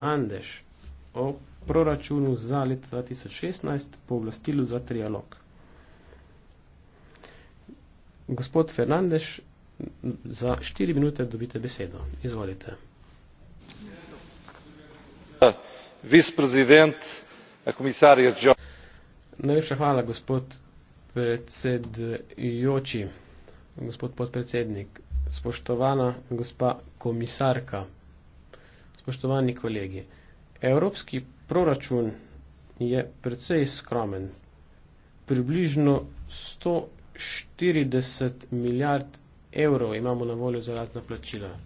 Andeš o proračunu za leto 2016 po oblastilu za trialog. Gospod Fernandeš, za 4 minute dobite besedo. Izvolite. Viceprezident, komisar Jožo. Najlepša hvala, gospod predsedujoči, gospod podpredsednik, spoštovana gospa komisarka spoštovani kolegi, evropski proračun je precej skromen. Približno 140 milijard evrov imamo na voljo za razna plačila.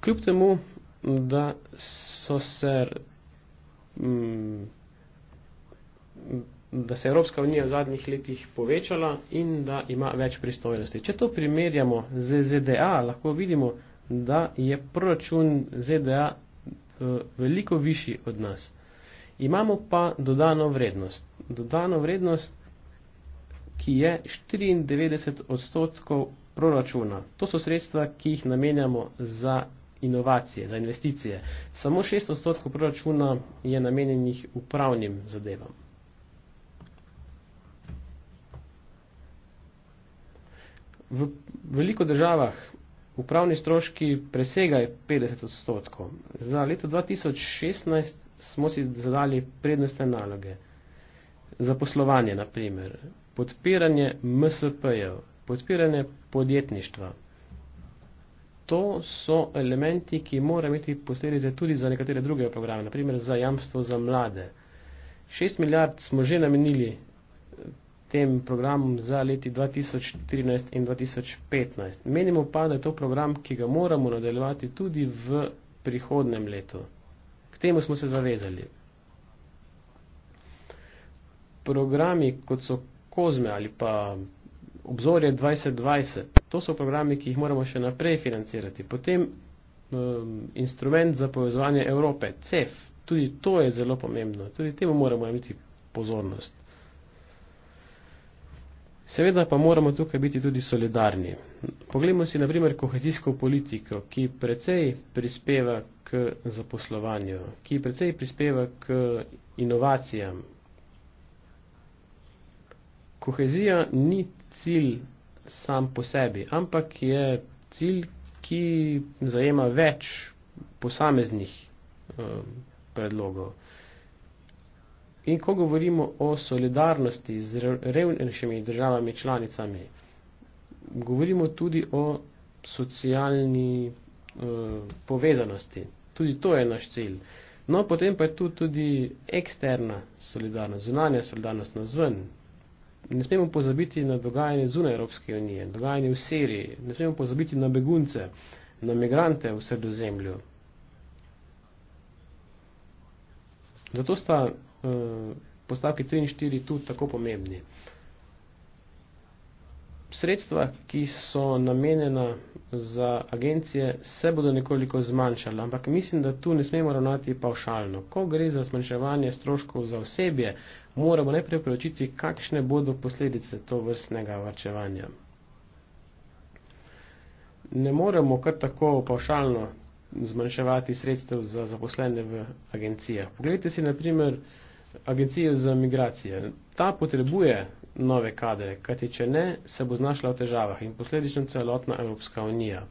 Kljub temu, da so se. Mm, da se je Evropska unija v zadnjih letih povečala in da ima več pristojnosti. Če to primerjamo z ZDA, lahko vidimo, da je proračun ZDA eh, veliko višji od nas. Imamo pa dodano vrednost. Dodano vrednost, ki je 94 odstotkov proračuna. To so sredstva, ki jih namenjamo za inovacije, za investicije. Samo 6 odstotkov proračuna je namenjenih upravnim zadevam. V veliko državah upravni stroški presegajo 50 odstotkov. Za leto 2016 smo si zadali prednostne naloge. Zaposlovanje, na primer, podpiranje MSP-jev, podpiranje podjetništva. To so elementi, ki morajo imeti posledice tudi za nekatere druge programe, naprimer za jamstvo za mlade. 6 milijard smo že namenili tem programom za leti 2014 in 2015. Menimo pa, da je to program, ki ga moramo nadaljevati tudi v prihodnem letu. K temu smo se zavezali. Programi, kot so Kozme ali pa obzorje 2020, to so programi, ki jih moramo še naprej financirati. Potem um, instrument za povezovanje Evrope, CEF, tudi to je zelo pomembno, tudi temu moramo imeti pozornost. Seveda pa moramo tukaj biti tudi solidarni. Poglejmo si naprimer kohezijsko politiko, ki precej prispeva k zaposlovanju, ki precej prispeva k inovacijam. Kohezija ni cilj sam po sebi, ampak je cilj, ki zajema več posameznih eh, predlogov. In ko govorimo o solidarnosti z revnejšimi državami članicami, govorimo tudi o socialni uh, povezanosti. Tudi to je naš cilj. No, potem pa je tu tudi eksterna solidarnost, zunanja solidarnost na zven. Ne smemo pozabiti na dogajanje zunaj Evropske unije, dogajanje v Siriji, ne smemo pozabiti na begunce, na migrante v sredozemlju. Zato sta Eh, postavki 3 in 4 tudi tako pomembni. Sredstva, ki so namenjena za agencije, se bodo nekoliko zmanjšala, ampak mislim, da tu ne smemo ravnati pavšalno. Ko gre za zmanjševanje stroškov za osebje, moramo najprej preučiti, kakšne bodo posledice to vrstnega vrčevanja. Ne moremo kar tako pavšalno zmanjševati sredstev za zaposlene v agencijah. Poglejte si, na primer, agencije za migracije. Ta potrebuje nove kadre, kajti če ne, se bo znašla v težavah in posledično celotna Evropska unija.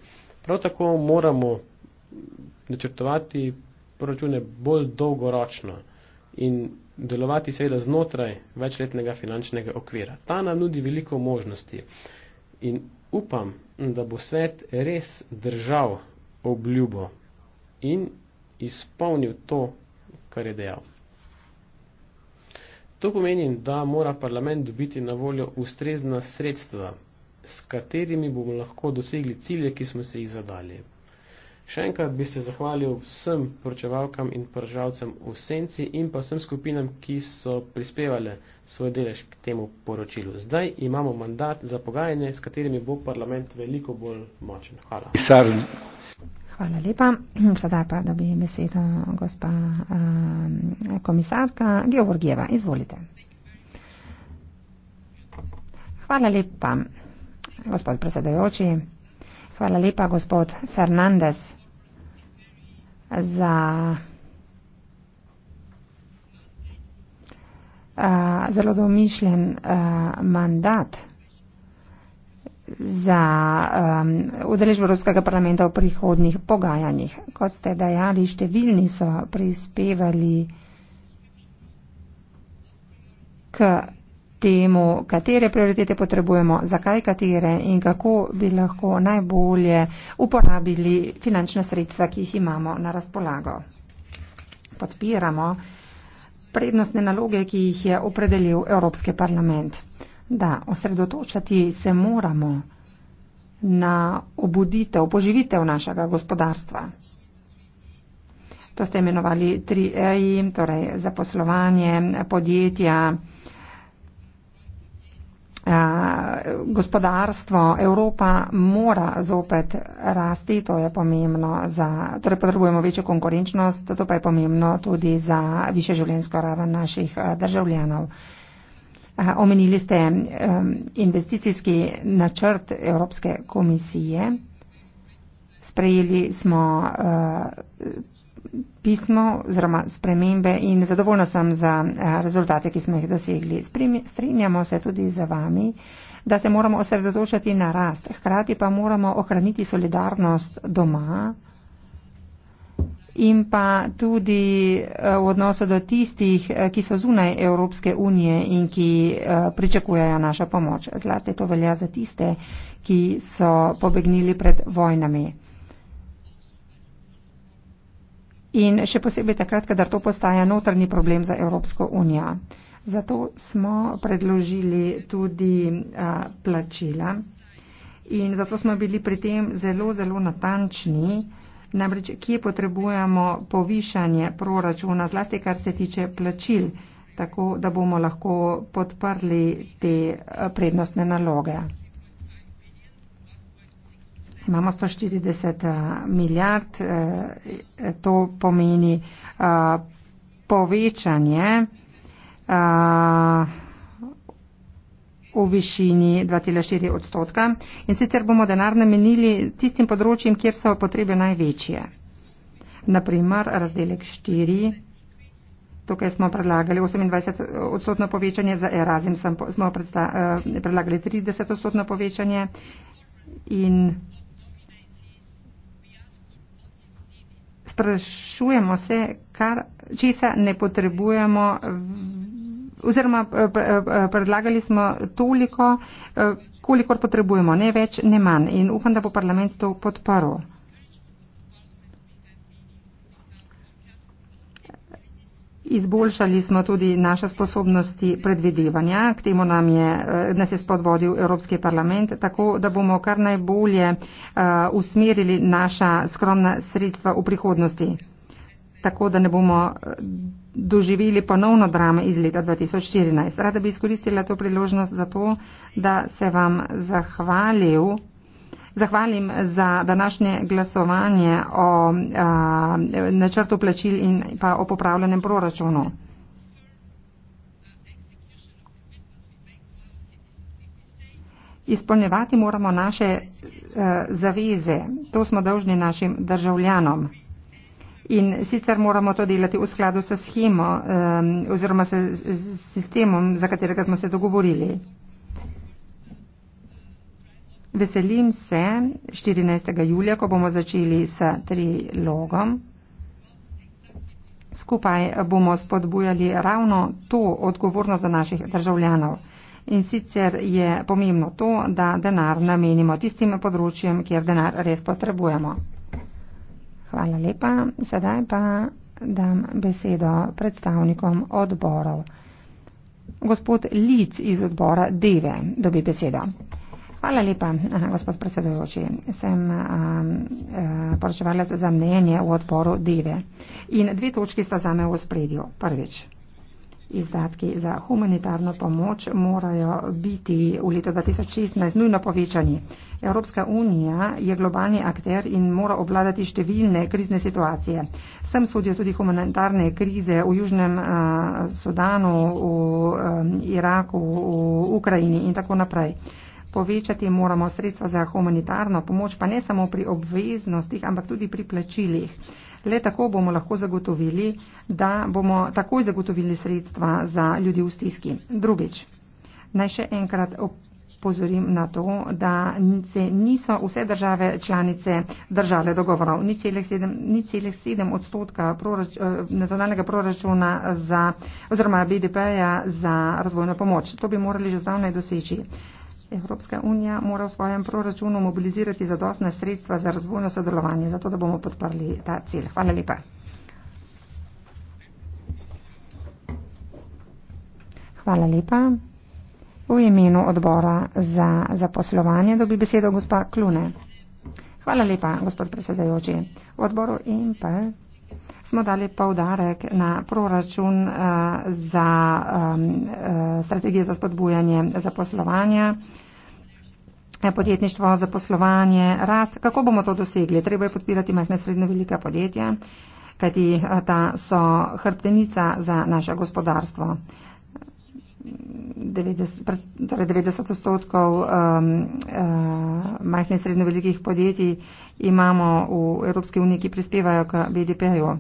Prav tako moramo načrtovati proračune bolj dolgoročno in delovati seveda znotraj večletnega finančnega okvira. Ta nam nudi veliko možnosti in upam, da bo svet res držal obljubo in izpolnil to, kar je dejal. To pomeni, da mora parlament dobiti na voljo ustrezna sredstva, s katerimi bomo lahko dosegli cilje, ki smo se jih zadali. Še enkrat bi se zahvalil vsem poročevalkam in poročevalcem v senci in pa vsem skupinam, ki so prispevale svoj delež k temu poročilu. Zdaj imamo mandat za pogajanje, s katerimi bo parlament veliko bolj močen. Hvala. Pisarn. Hvala lepa. Sedaj pa dobi besedo gospa um, komisarka Georgijeva. Izvolite. Hvala lepa, gospod predsedajoči. Hvala lepa, gospod Fernandez, za, uh, zelo domišljen uh, mandat za um, udeležbo Evropskega parlamenta v prihodnih pogajanjih. Kot ste dejali, številni so prispevali k temu, katere prioritete potrebujemo, zakaj katere in kako bi lahko najbolje uporabili finančne sredstva, ki jih imamo na razpolago. Podpiramo prednostne naloge, ki jih je opredelil Evropski parlament. Da, osredotočati se moramo na obuditev, poživitev našega gospodarstva. To ste imenovali tri EI, torej zaposlovanje, podjetja, a, gospodarstvo. Evropa mora zopet rasti, to je pomembno za, torej potrebujemo večjo konkurenčnost, to pa je pomembno tudi za više življenjsko raven naših državljanov. Omenili ste investicijski načrt Evropske komisije. Sprejeli smo eh, pismo oziroma spremembe in zadovoljna sem za eh, rezultate, ki smo jih dosegli. Strinjamo se tudi za vami, da se moramo osredotočati na rast. Hkrati pa moramo ohraniti solidarnost doma in pa tudi eh, v odnosu do tistih, eh, ki so zunaj Evropske unije in ki eh, pričakujejo našo pomoč. Zlasti to velja za tiste, ki so pobegnili pred vojnami. In še posebej takrat, kadar to postaja notrni problem za Evropsko unijo. Zato smo predložili tudi a, plačila in zato smo bili pri tem zelo, zelo natančni. Namreč, kje potrebujemo povišanje proračuna, zlasti kar se tiče plačil, tako da bomo lahko podprli te eh, prednostne naloge. Imamo 140 eh, milijard, eh, to pomeni povečanje v višini 2,4 odstotka in sicer bomo denar namenili tistim področjem, kjer so potrebe največje. Naprimer, razdelek 4. Tukaj smo predlagali 28 eh, odstotno povečanje, za Erasim smo eh, predlagali 30 odstotno povečanje in sprašujemo se, kar, česa ne potrebujemo oziroma eh, eh, eh, predlagali smo toliko, kolikor potrebujemo, ne več, ne manj. In upam, da bo parlament to podporil. Izboljšali smo tudi naše sposobnosti predvidevanja, k temu nam je, nas je spodvodil Evropski parlament, tako da bomo kar najbolje uh, usmerili naša skromna sredstva v prihodnosti tako da ne bomo eh, doživeli ponovno drame iz leta 2014. Rada bi izkoristila to priložnost za to, da se vam zahvalil. Zahvalim za današnje glasovanje o a, načrtu plačil in pa o popravljenem proračunu. Izpolnevati moramo naše a, eh, zaveze. To smo dolžni našim državljanom. In sicer moramo to delati v skladu s schemo um, oziroma s, s sistemom, za katerega smo se dogovorili. Veselim se 14. julija, ko bomo začeli s trilogom. Skupaj bomo spodbujali ravno to odgovornost za naših državljanov. In sicer je pomembno to, da denar namenimo tistim področjem, kjer denar res potrebujemo. Hvala lepa. Sedaj pa dam besedo predstavnikom odborov. Gospod Lic iz odbora Deve dobi besedo. Hvala lepa, gospod predsedujoči. Sem poročevalec za mnenje v odboru Deve. In dve točki sta zame v spredju. Prvič izdatki za humanitarno pomoč morajo biti v letu 2016 nujno povečani. Evropska unija je globalni akter in mora obladati številne krizne situacije. Sem sodijo tudi humanitarne krize v Južnem uh, Sudanu, v um, Iraku, v Ukrajini in tako naprej. Povečati moramo sredstva za humanitarno pomoč, pa ne samo pri obveznostih, ampak tudi pri plačilih. Uh, Le tako bomo lahko zagotovili, da bomo takoj zagotovili sredstva za ljudi v stiski. Drugič, naj še enkrat opozorim na to, da se niso vse države članice držale dogovorov. Ni celih sedem, ni celih sedem odstotka prorač, eh, nacionalnega proračuna za, oziroma BDP-ja za razvojno pomoč. To bi morali že zdavnaj doseči. Evropska unija mora v svojem proračunu mobilizirati zadostne sredstva za razvojno sodelovanje, zato da bomo podprli ta cilj. Hvala lepa. Hvala lepa. V imenu odbora za zaposlovanje dobi besedo gospa Klune. Hvala lepa, gospod predsedajoči. V odboru IMP smo dali povdarek na proračun uh, za um, eh, uh, eh, strategijo za spodbujanje zaposlovanja. Uh, podjetništvo, zaposlovanje, rast. Kako bomo to dosegli? Treba je podpirati majhne srednje velike podjetja, kajti eh, ta so hrbtenica za naše gospodarstvo. 90, torej 90 odstotkov um, uh, majhnih in srednjih velikih podjetij imamo v Evropski uniji, ki prispevajo k BDP-ju.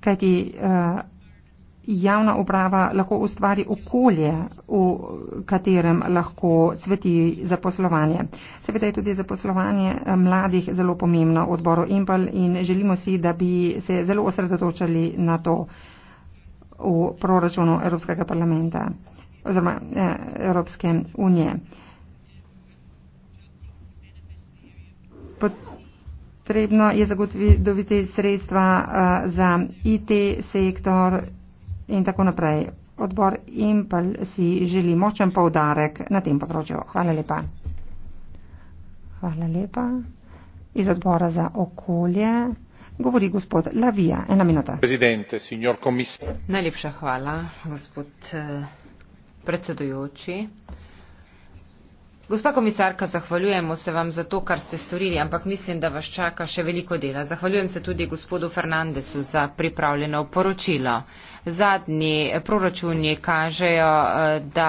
Kajti eh, javna uprava lahko ustvari okolje, v katerem lahko cveti zaposlovanje. Seveda je tudi zaposlovanje eh, mladih zelo pomembno v odboru Impel in želimo si, da bi se zelo osredotočali na to v proračunu Evropskega parlamenta oziroma eh, Evropske unije. Potrebno je zagotoviti sredstva eh, za IT sektor in tako naprej. Odbor IMPL si želi močen povdarek na tem področju. Hvala lepa. Hvala lepa. Iz odbora za okolje govori gospod Lavija. Ena minuta. Najlepša hvala, gospod eh, predsedujoči. Gospa komisarka, zahvaljujemo se vam za to, kar ste storili, ampak mislim, da vas čaka še veliko dela. Zahvaljujem se tudi gospodu Fernandesu za pripravljeno poročilo. Zadnji proračuni kažejo, eh, da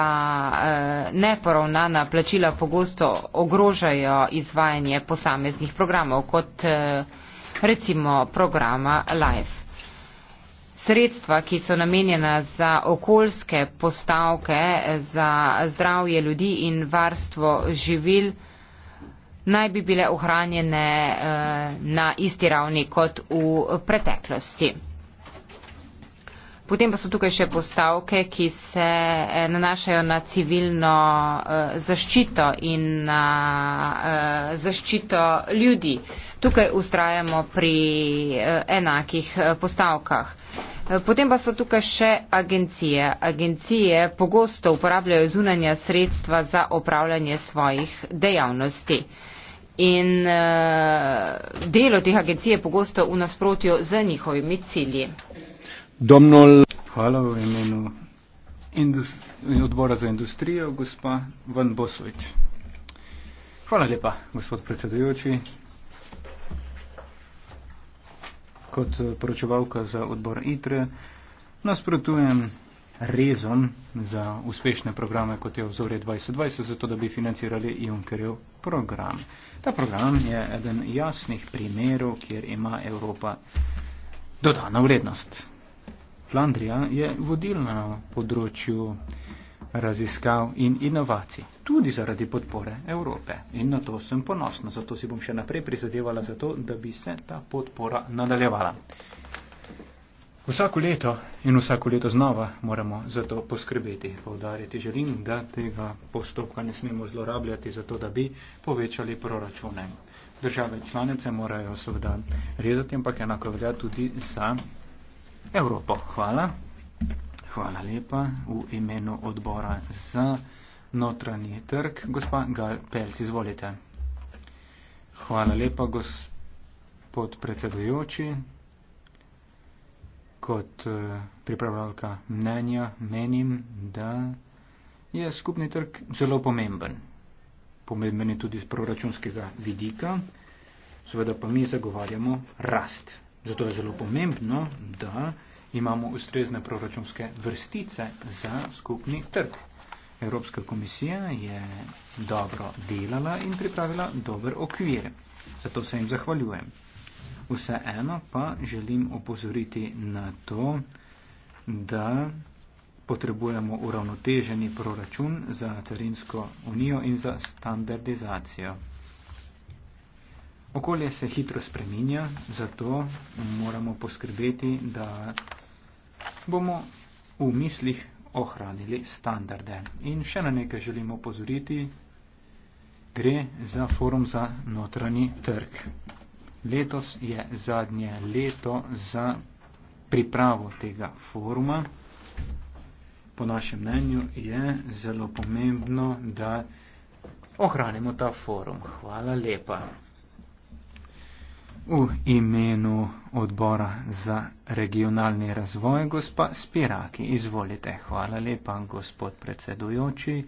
eh, neporovnana plačila pogosto ogrožajo izvajanje posameznih programov, kot eh, recimo programa LIFE sredstva, ki so namenjena za okoljske postavke, za zdravje ljudi in varstvo živil, naj bi bile ohranjene eh, na isti ravni kot v preteklosti. Potem pa so tukaj še postavke, ki se eh, nanašajo na civilno eh, zaščito in na zaščito ljudi. Tukaj ustrajamo pri enakih postavkah. Eh, potem pa so tukaj še agencije. Agencije pogosto uporabljajo zunanja sredstva za opravljanje svojih dejavnosti. In uh, delo teh agencij je pogosto v nasprotju z njihovimi cilji. Domnol. Hvala v imenu Indu odbora za industrijo, gospa Van Bosovič. Hvala lepa, gospod predsedujoči, kot eh, poročevalka za odbor ITRE nasprotujem rezom za uspešne programe, kot je obzorje 2020, zato da bi financirali Junckerjev program. Ta program je eden jasnih primerov, kjer ima Evropa dodano vrednost. Flandrija je vodilna na področju raziskav in inovacij, tudi zaradi podpore Evrope. In na to sem ponosna, zato si bom še naprej prizadevala za to, da bi se ta podpora nadaljevala. Vsako leto in vsako leto znova moramo za to poskrbeti. Povdarjati želim, da tega postopka ne smemo zlorabljati, zato da bi povečali proračune. Države članice morajo seveda rezati, ampak enako velja tudi za Evropo. Hvala. Hvala lepa v imenu odbora za notranji trg. Gospa Gal Pelc, izvolite. Hvala lepa, gospod predsedujoči. Kot eh, pripravljalka mnenja menim, da je skupni trg zelo pomemben. Pomemben je tudi z proračunskega vidika. Seveda pa mi zagovarjamo rast. Zato je zelo pomembno, da imamo ustrezne proračunske vrstice za skupni trg. Evropska komisija je dobro delala in pripravila dober okvir. Zato se jim zahvaljujem. Vseeno pa želim opozoriti na to, da potrebujemo uravnoteženi proračun za carinsko unijo in za standardizacijo. Okolje se hitro spreminja, zato moramo poskrbeti, da bomo v mislih ohranili standarde. In še na nekaj želimo pozoriti, gre za forum za notranji trg. Letos je zadnje leto za pripravo tega foruma. Po našem mnenju je zelo pomembno, da ohranimo ta forum. Hvala lepa. V imenu odbora za regionalni razvoj, gospa Spiraki, izvolite. Hvala lepa, gospod predsedujoči,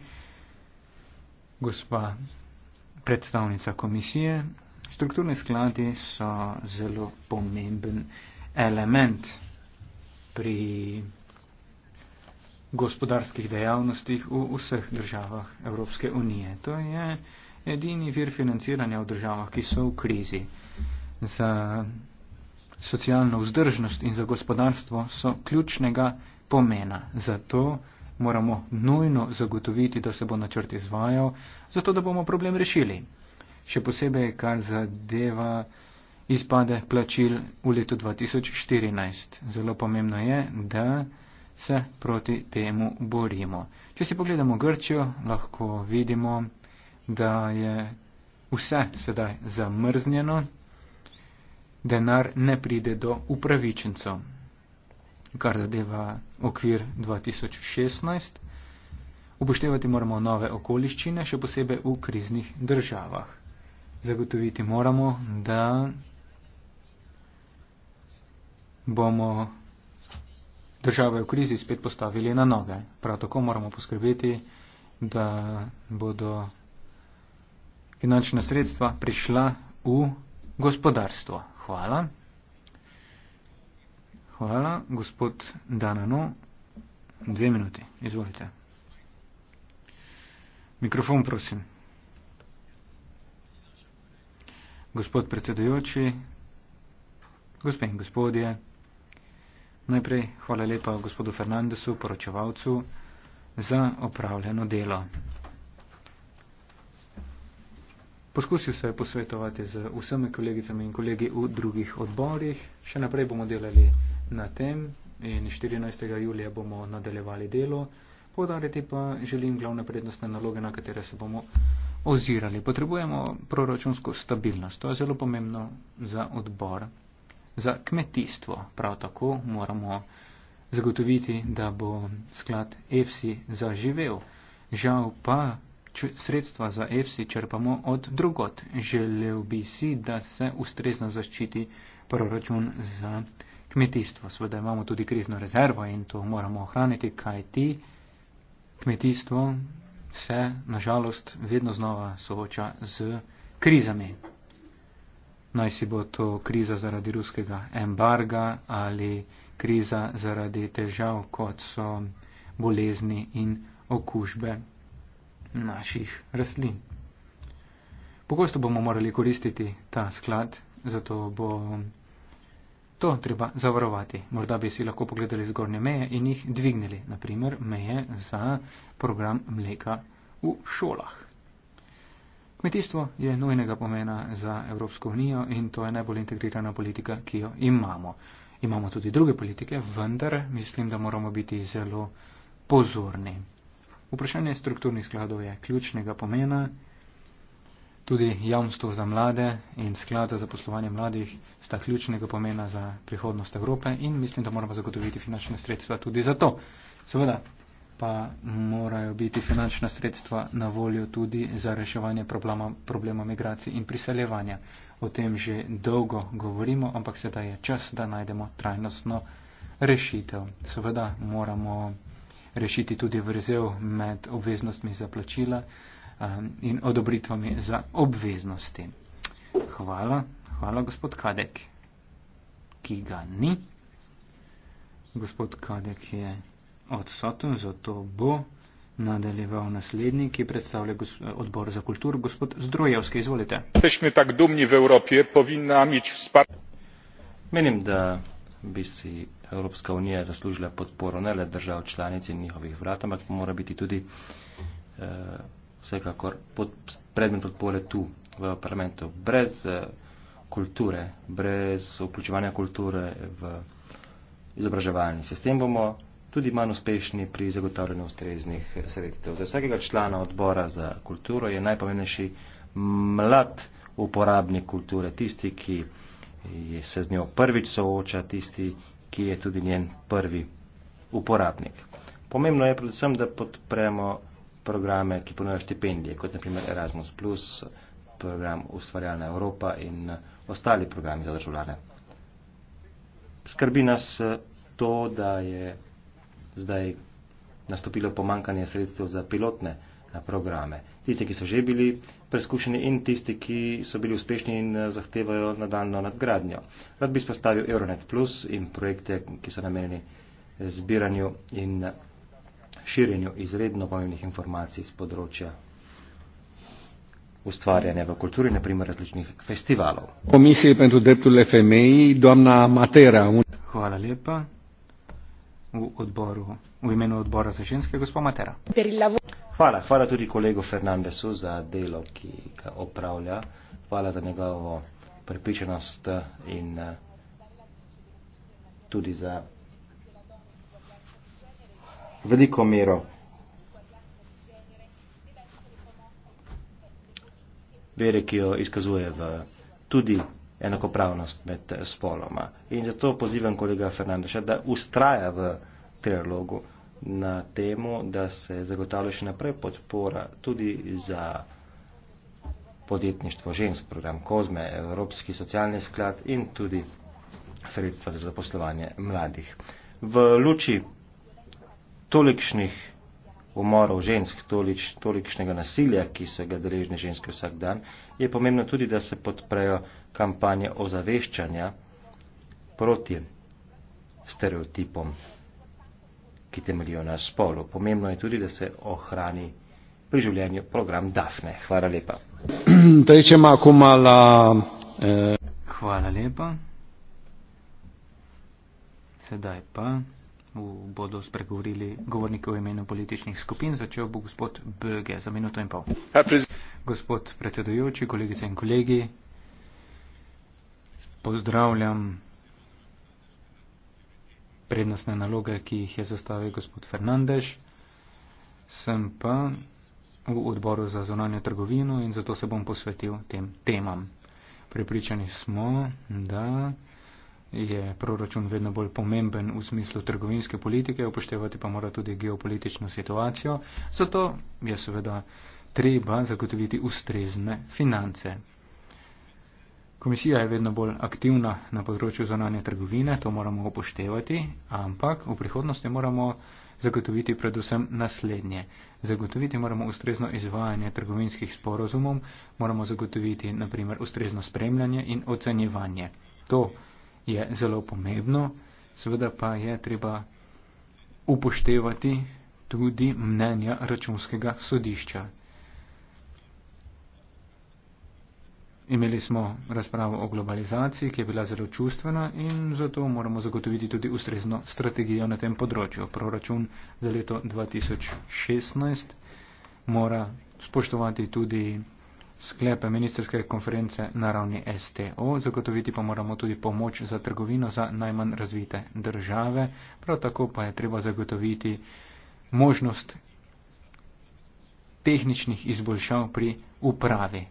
gospa predstavnica komisije. Strukturne skladi so zelo pomemben element pri gospodarskih dejavnostih v vseh državah Evropske unije. To je edini vir financiranja v državah, ki so v krizi za socialno vzdržnost in za gospodarstvo so ključnega pomena. Zato moramo nujno zagotoviti, da se bo načrt izvajal, zato da bomo problem rešili. Še posebej, kar zadeva izpade plačil v letu 2014. Zelo pomembno je, da se proti temu borimo. Če si pogledamo Grčijo, lahko vidimo, da je vse sedaj zamrznjeno denar ne pride do upravičencev. Kar zadeva okvir 2016, upoštevati moramo nove okoliščine, še posebej v kriznih državah. Zagotoviti moramo, da bomo države v krizi spet postavili na noge. Prav tako moramo poskrbeti, da bodo finančna sredstva prišla v gospodarstvo. Hvala. Hvala. Gospod Danano, dve minuti. Izvolite. Mikrofon, prosim. Gospod predsedujoči, gospe in gospodje, najprej hvala lepa gospodu Fernandesu, poročevalcu, za opravljeno delo. Poskusil se je posvetovati z vsemi kolegicami in kolegi v drugih odborih. Še naprej bomo delali na tem in 14. julija bomo nadaljevali delo. Podariti pa želim glavne prednostne naloge, na katere se bomo ozirali. Potrebujemo proračunsko stabilnost. To je zelo pomembno za odbor. Za kmetijstvo prav tako moramo zagotoviti, da bo sklad EFSI zaživel. Žal pa sredstva za EFSI črpamo od drugot. Želel bi si, da se ustrezno zaščiti proračun za kmetijstvo. Sveda imamo tudi krizno rezervo in to moramo ohraniti, kaj ti kmetijstvo se nažalost vedno znova sooča z krizami. Naj si bo to kriza zaradi ruskega embarga ali kriza zaradi težav, kot so bolezni in okužbe naših rastlin. Pogosto bomo morali koristiti ta sklad, zato bo to treba zavarovati. Morda bi si lahko pogledali zgornje meje in jih dvignili, naprimer meje za program mleka v šolah. Kmetijstvo je nujnega pomena za Evropsko unijo in to je najbolj integrirana politika, ki jo imamo. Imamo tudi druge politike, vendar mislim, da moramo biti zelo pozorni. Vprašanje strukturnih skladov je ključnega pomena. Tudi jamstvo za mlade in sklad za poslovanje mladih sta ključnega pomena za prihodnost Evrope in mislim, da moramo zagotoviti finančne sredstva tudi za to. Seveda pa morajo biti finančna sredstva na voljo tudi za reševanje problema, problema migracij in priseljevanja. O tem že dolgo govorimo, ampak sedaj je čas, da najdemo trajnostno rešitev. Seveda moramo rešiti tudi vrzel med obveznostmi za plačila um, in odobritvami za obveznosti. Hvala, hvala gospod Kadek, ki ga ni. Gospod Kadek je odsoten, zato bo nadaljeval naslednji, ki predstavlja odbor za kultur, gospod Zdrojevski, izvolite. Menim, da bi si Evropska unija zaslužila podporo ne le držav članic in njihovih vrat, ampak mora biti tudi eh, vsekakor pod, predmet podpore tu v parlamentu. Brez eh, kulture, brez vključevanja kulture v izobraževalni sistem bomo tudi manj uspešni pri zagotavljanju ustreznih sredstev. Za vsakega člana odbora za kulturo je najpomembnejši mlad uporabnik kulture, tisti, ki je se z njo prvič sooča tisti, ki je tudi njen prvi uporabnik. Pomembno je predvsem, da podpremo programe, ki ponujajo štipendije, kot naprimer Erasmus, program Ustvarjalna Evropa in ostali programi za državljane. Skrbi nas eh, to, da je zdaj nastopilo pomankanje sredstev za pilotne programe programe. Tisti, ki so že bili preskušeni in tisti, ki so bili uspešni in eh, zahtevajo nadaljno nadgradnjo. Rad bi spostavil Euronet Plus in projekte, ki so namenjeni eh, zbiranju in eh, širjenju izredno pomembnih informacij z področja ustvarjanja v kulturi, naprimer različnih festivalov. Hvala lepa. V, odboru, v imenu odbora za ženske, gospod Matera. Perilavo. Hvala. Hvala tudi kolegu Fernandesu za delo, ki ga opravlja. Hvala za njegovo pripičenost eh, in eh, tudi za veliko mero. Vere, ki jo izkazuje v tudi enakopravnost med spoloma. In zato pozivam kolega Fernandeša, da ustraja v trilogu na temo, da se zagotavlja še naprej podpora tudi za podjetništvo žensk, program Kozme, Evropski socialni sklad in tudi sredstva za zaposlovanje mladih. V luči tolikšnih umorov žensk, tolič, tolikšnega nasilja, ki so ga deležne ženske vsak dan, je pomembno tudi, da se podprejo kampanje ozaveščanja proti stereotipom ki temeljijo na spolu. Pomembno je tudi, da se ohrani pri življenju program Dafne. Hvala lepa. Torej, eh, Hvala lepa. Sedaj pa bodo spregovorili govorniki v imenu političnih skupin. Začel bo gospod Böge za minuto in pol. Gospod predsedujoči, kolegice in kolegi, pozdravljam prednostne naloge, ki jih je zastavil gospod Fernandež. Sem pa v odboru za zonanje trgovino in zato se bom posvetil tem temam. Pripričani smo, da je proračun vedno bolj pomemben v smislu trgovinske politike, upoštevati pa mora tudi geopolitično situacijo, zato je seveda treba zagotoviti ustrezne finance. Komisija je vedno bolj aktivna na področju zonanje trgovine, to moramo upoštevati, ampak v prihodnosti moramo zagotoviti predvsem naslednje. Zagotoviti moramo ustrezno izvajanje trgovinskih sporozumov, moramo zagotoviti naprimer ustrezno spremljanje in ocenjevanje. To je zelo pomembno, seveda pa je treba upoštevati tudi mnenja računskega sodišča. Imeli smo razpravo o globalizaciji, ki je bila zelo čustvena in zato moramo zagotoviti tudi ustrezno strategijo na tem področju. Proračun za leto 2016 mora spoštovati tudi sklepe ministerske konference na ravni STO, zagotoviti pa moramo tudi pomoč za trgovino za najmanj razvite države, prav tako pa je treba zagotoviti možnost tehničnih izboljšav pri upravi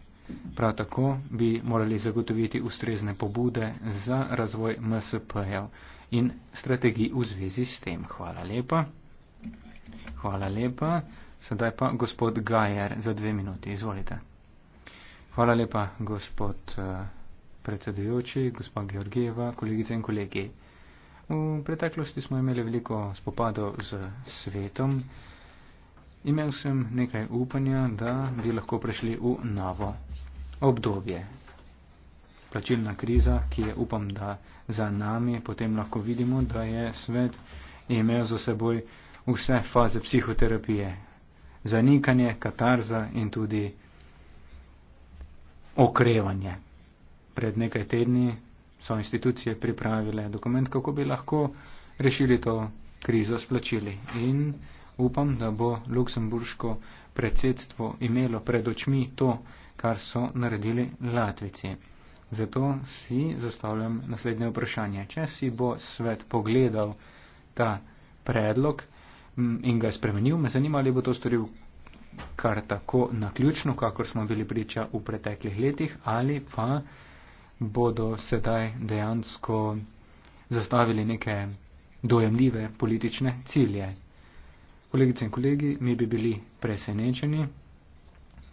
Prav tako bi morali zagotoviti ustrezne pobude za razvoj MSP-jev in strategij v zvezi s tem. Hvala lepa. Hvala lepa. Sedaj pa gospod Gajer za dve minuti. Izvolite. Hvala lepa, gospod eh, predsedujoči, gospod Georgijeva, kolegice in kolegi. V preteklosti smo imeli veliko spopadov z svetom imel sem nekaj upanja, da bi lahko prešli v novo obdobje. Plačilna kriza, ki je upam, da za nami, potem lahko vidimo, da je svet imel za seboj vse faze psihoterapije. Zanikanje, katarza in tudi okrevanje. Pred nekaj tedni so institucije pripravile dokument, kako bi lahko rešili to krizo s plačili. In upam, da bo luksemburško predsedstvo imelo pred očmi to, kar so naredili Latvici. Zato si zastavljam naslednje vprašanje. Če si bo svet pogledal ta predlog mm, in ga spremenil, me zanima, ali bo to storil kar tako naključno, kakor smo bili priča v preteklih letih, ali pa bodo sedaj dejansko zastavili neke dojemljive politične cilje. Kolegice in kolegi, mi bi bili presenečeni.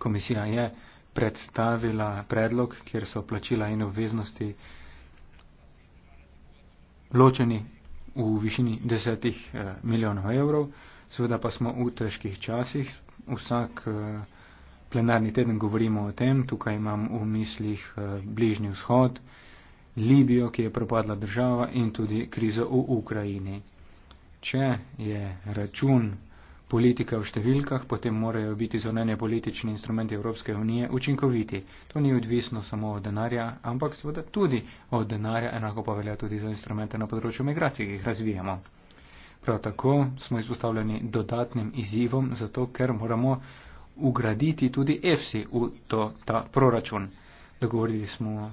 Komisija je predstavila predlog, kjer so plačila in obveznosti ločeni v višini desetih eh, milijonov evrov. Seveda pa smo v težkih časih. Vsak eh, plenarni teden govorimo o tem. Tukaj imam v mislih eh, bližnji vzhod, Libijo, ki je propadla država in tudi krizo v Ukrajini. Če je račun politike v številkah, potem morajo biti zunanje politični instrumenti Evropske unije učinkoviti. To ni odvisno samo od denarja, ampak seveda tudi od denarja, enako pa velja tudi za instrumente na področju migracij, ki jih razvijamo. Prav tako smo izpostavljeni dodatnim izzivom, zato ker moramo ugraditi tudi EFSI v to, ta proračun. Dogovorili smo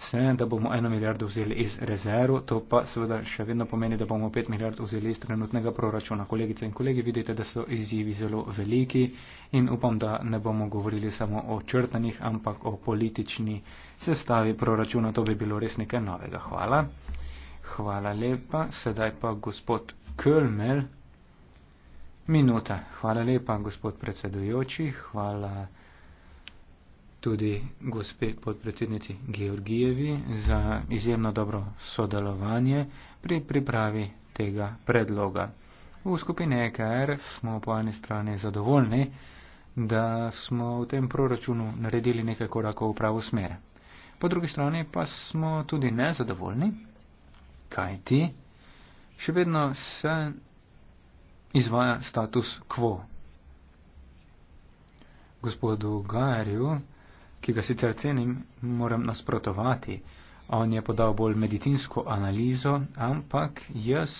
se, da bomo eno milijardo vzeli iz rezerv, to pa seveda še vedno pomeni, da bomo pet milijard vzeli iz trenutnega proračuna. Kolegice in kolegi, vidite, da so izzivi zelo veliki in upam, da ne bomo govorili samo o črtanih, ampak o politični sestavi proračuna. To bi bilo res nekaj novega. Hvala. Hvala lepa. Sedaj pa gospod Kölmel. Minuta. Hvala lepa, gospod predsedujoči. Hvala tudi gospe podpredsednici Georgijevi za izjemno dobro sodelovanje pri pripravi tega predloga. V skupini EKR smo po eni strani zadovoljni, da smo v tem proračunu naredili nekaj korakov v pravo smer. Po drugi strani pa smo tudi nezadovoljni, kaj ti, še vedno se izvaja status quo. Gospodu Gajerju ki ga sicer cenim, moram nasprotovati. On je podal bolj medicinsko analizo, ampak jaz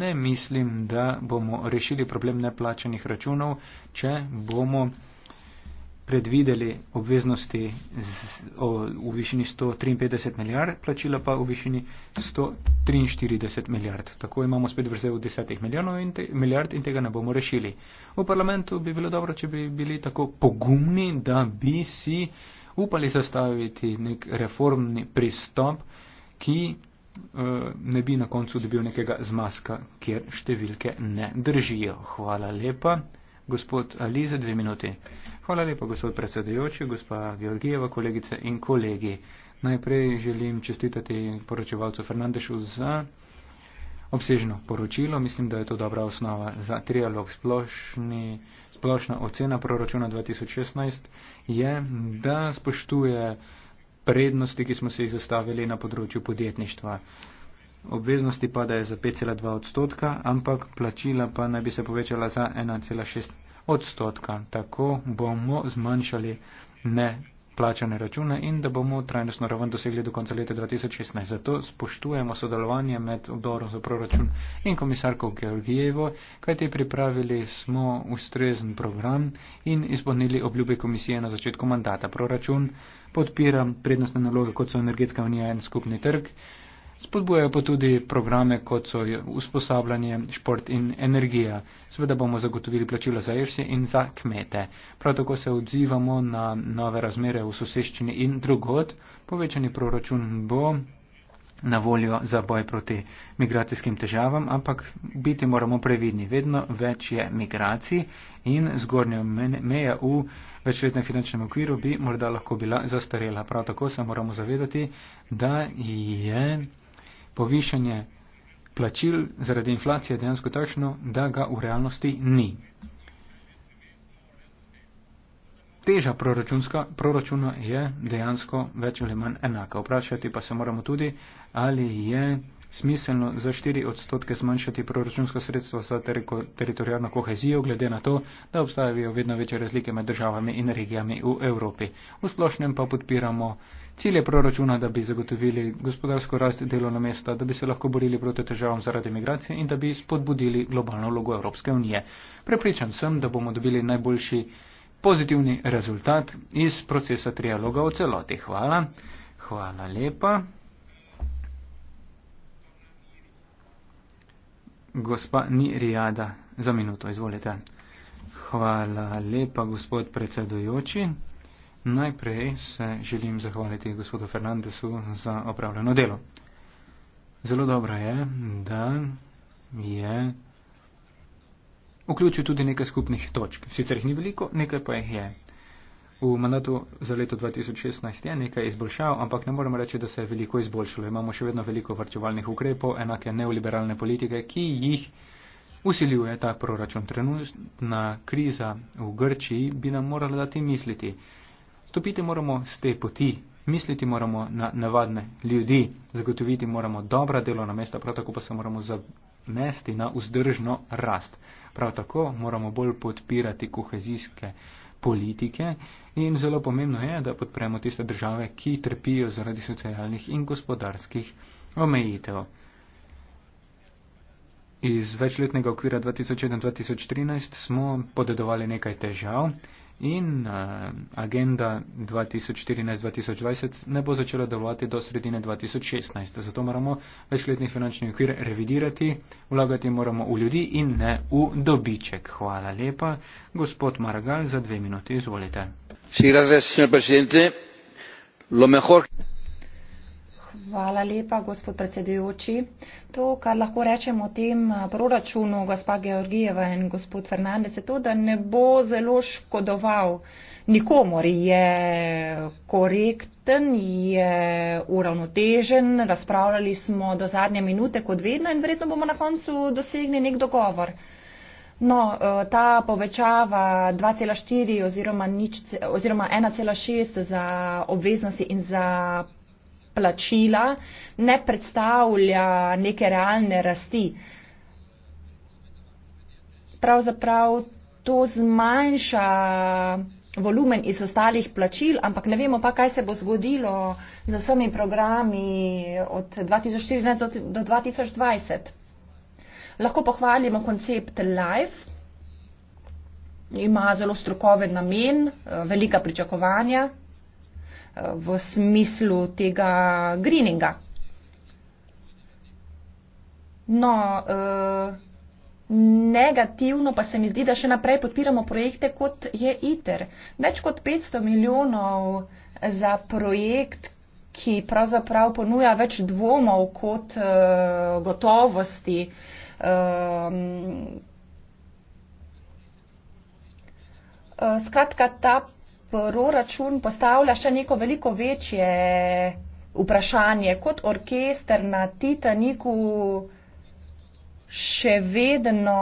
ne mislim, da bomo rešili problem neplačanih računov, če bomo predvideli obveznosti z, o, v višini 153 milijard, plačila pa v višini 143 milijard. Tako imamo spet vrzel 10 milijonov in te, milijard in tega ne bomo rešili. V parlamentu bi bilo dobro, če bi bili tako pogumni, da bi si upali zastaviti nek reformni pristop, ki e, ne bi na koncu dobil nekega zmaska, kjer številke ne držijo. Hvala lepa. Gospod Ali za dve minuti. Hvala lepa, gospod predsedajoči, gospa Georgijeva, kolegice in kolegi. Najprej želim čestitati poročevalcu Fernandešu za obsežno poročilo. Mislim, da je to dobra osnova za trialog. Splošni, splošna ocena proračuna 2016 je, da spoštuje prednosti, ki smo se jih zastavili na področju podjetništva obveznosti pa da je za 5,2 odstotka, ampak plačila pa naj bi se povečala za 1,6 odstotka. Tako bomo zmanjšali neplačane račune in da bomo trajnostno raven dosegli do konca leta 2016. Zato spoštujemo sodelovanje med obdorom za proračun in komisarko Georgijevo, kajti pripravili smo ustrezen program in izpolnili obljube komisije na začetku mandata. Proračun podpira prednostne naloge, kot so energetska unija in skupni trg spodbujajo pa tudi programe, kot so usposabljanje, šport in energija. Sveda bomo zagotovili plačilo za jirse in za kmete. Prav tako se odzivamo na nove razmere v soseščini in drugod. Povečani proračun bo na voljo za boj proti migracijskim težavam, ampak biti moramo previdni. Vedno več je migracij in zgornja meja v večletnem finančnem okviru bi morda lahko bila zastarela. Prav tako se moramo zavedati, da je povišanje plačil zaradi inflacije dejansko takšno, da ga v realnosti ni. Teža proračuna je dejansko več ali manj enaka. Vprašati pa se moramo tudi, ali je smiselno za 4 odstotke zmanjšati proračunska sredstva za teritorijalno kohezijo, glede na to, da obstajajo vedno večje razlike med državami in regijami v Evropi. V splošnem pa podpiramo cilje proračuna, da bi zagotovili gospodarsko rast delovna mesta, da bi se lahko borili proti težavam zaradi migracije in da bi spodbudili globalno logo Evropske unije. Prepričan sem, da bomo dobili najboljši pozitivni rezultat iz procesa trialoga o celoti. Hvala. Hvala lepa. Gospa Nirijada, za minuto, izvolite. Hvala lepa, gospod predsedujoči. Najprej se želim zahvaliti gospodu Fernandesu za opravljeno delo. Zelo dobro je, da je vključil tudi nekaj skupnih točk. Sicer jih ni veliko, nekaj pa jih je v mandatu za leto 2016 je nekaj izboljšav, ampak ne moremo reči, da se je veliko izboljšalo. Imamo še vedno veliko varčevalnih ukrepov, enake neoliberalne politike, ki jih usiljuje ta proračun. Trenutna kriza v Grčiji bi nam morala dati misliti. Stopiti moramo z te poti, misliti moramo na navadne ljudi, zagotoviti moramo dobra delovna mesta, prav tako pa se moramo zanesti na vzdržno rast. Prav tako moramo bolj podpirati kohezijske politike, In zelo pomembno je, da podpremo tiste države, ki trpijo zaradi socialnih in gospodarskih omejitev. Iz večletnega okvira 2007-2013 smo podedovali nekaj težav, in uh, agenda 2014-2020 ne bo začela delovati do sredine 2016. Zato moramo večletni finančni okvir revidirati, vlagati moramo v ljudi in ne v dobiček. Hvala lepa, gospod Maragal, za dve minuti izvolite. Sí, gracias, señor presidente. Lo mejor... Hvala lepa, gospod predsedujoči. To, kar lahko rečem o tem eh, proračunu gospa Georgijeva in gospod Fernandez, je to, da ne bo zelo škodoval nikomor. Je korekten, je uravnotežen, razpravljali smo do zadnje minute kot vedno in verjetno bomo na koncu dosegli nek dogovor. No, eh, ta povečava 2,4 oziroma, oziroma 1,6 za obveznosti in za plačila ne predstavlja neke realne rasti. Pravzaprav to zmanjša volumen iz ostalih plačil, ampak ne vemo pa, kaj se bo zgodilo z vsemi programi od 2014 do 2020. Lahko pohvalimo koncept LIFE, ima zelo strokoven namen, eh, velika pričakovanja v smislu tega greeninga. No, eh, negativno pa se mi zdi, da še naprej podpiramo projekte kot je ITER. Več kot 500 milijonov za projekt, ki pravzaprav ponuja več dvomov kot eh, gotovosti. Ehm, eh, skratka, ta proračun postavlja še neko veliko večje vprašanje. Kot orkester na Titaniku še vedno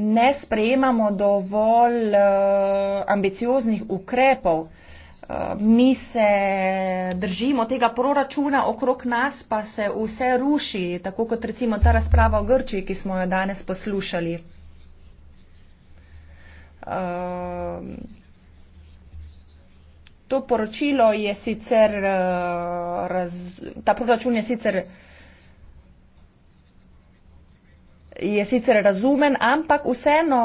ne sprejemamo dovolj eh, ambicioznih ukrepov mi se držimo tega proračuna okrog nas, pa se vse ruši, tako kot recimo ta razprava o Grčiji, ki smo jo danes poslušali. Ehm, to poročilo je sicer, eh, ta proračun je sicer je sicer razumen, ampak vseeno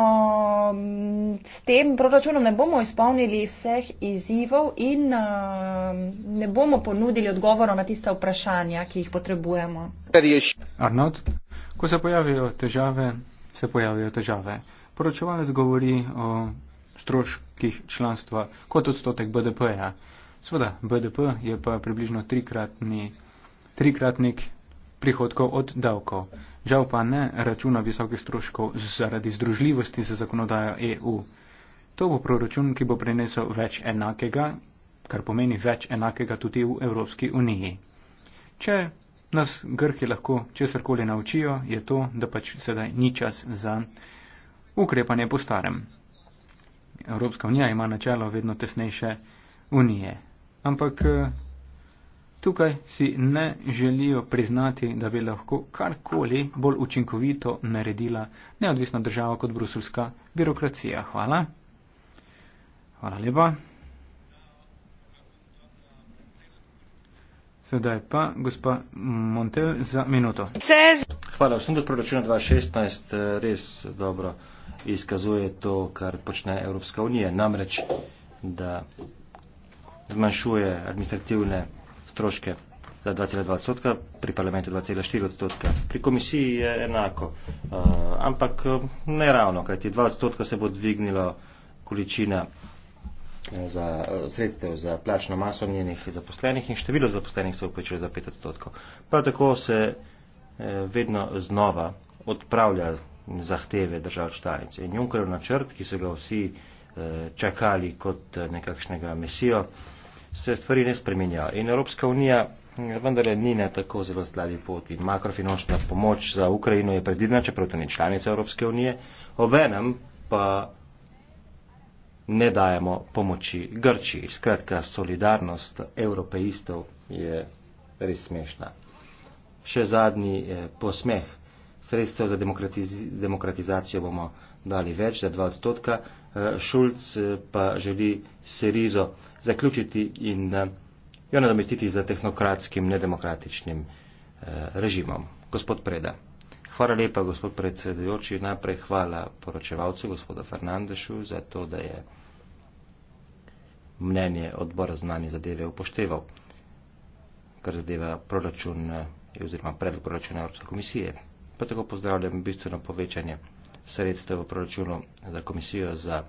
s tem proračunom ne bomo izpolnili vseh izzivov in eh, ne bomo ponudili odgovora na tiste vprašanja, ki jih potrebujemo. Arnold, ko se pojavijo težave, se pojavijo težave. Poročevalec govori o stroških članstva kot odstotek BDP-ja. Sveda, BDP je pa približno trikratni, trikratnik prihodkov od davkov. Žal pa ne računa visokih stroškov zaradi združljivosti za zakonodajo EU. To bo proračun, ki bo prinesel več enakega, kar pomeni več enakega tudi v Evropski uniji. Če nas Grki lahko česarkoli naučijo, je to, da pač sedaj ni čas za ukrepanje po starem. Evropska unija ima načelo vedno tesnejše unije. Ampak eh, Tukaj si ne želijo priznati, da bi lahko karkoli bolj učinkovito naredila neodvisna država kot bruselska birokracija. Hvala. Hvala lepa. Sedaj pa gospa Montel za minuto. Hvala. Osnutek proračuna 2016 eh, res dobro izkazuje to, kar počne Evropska unija. Namreč, da zmanjšuje administrativne stroške za 2,2 odstotka, pri parlamentu 2,4 odstotka. Pri komisiji je enako, uh, ampak eh, ne ravno, kajti 2 odstotka se bo dvignilo količina eh, za sredstev za plačno maso njenih zaposlenih in število zaposlenih se bo povečalo za 5 odstotkov. Prav tako se eh, vedno znova odpravlja zahteve držav članice. In Junckerov načrt, ki so ga vsi eh, čakali kot nekakšnega mesijo, se stvari ne spremenjajo. In Evropska unija eh, vendarle ni na tako zelo slabi poti. Makrofinančna pomoč za Ukrajino je predvidena, čeprav to ni članica Evropske unije. Obenem pa ne dajemo pomoči Grči. Skratka, solidarnost evropejistov je res smešna. Še zadnji eh, posmeh. Sredstev za demokratiz demokratizacijo bomo dali več, za 2 odstotka, Šulc eh, pa želi Serizo zaključiti in eh, jo nadomestiti za tehnokratskim, nedemokratičnim eh, režimom. Gospod Preda. Hvala lepa, gospod predsedujoči. Najprej hvala poročevalcu, gospodu Fernandešu, za to, da je mnenje odbora znanje zadeve upošteval, kar zadeva proračun oziroma predlog proračuna Evropske komisije. Pa tako pozdravljam bistveno povečanje sredstev v proračunu za komisijo za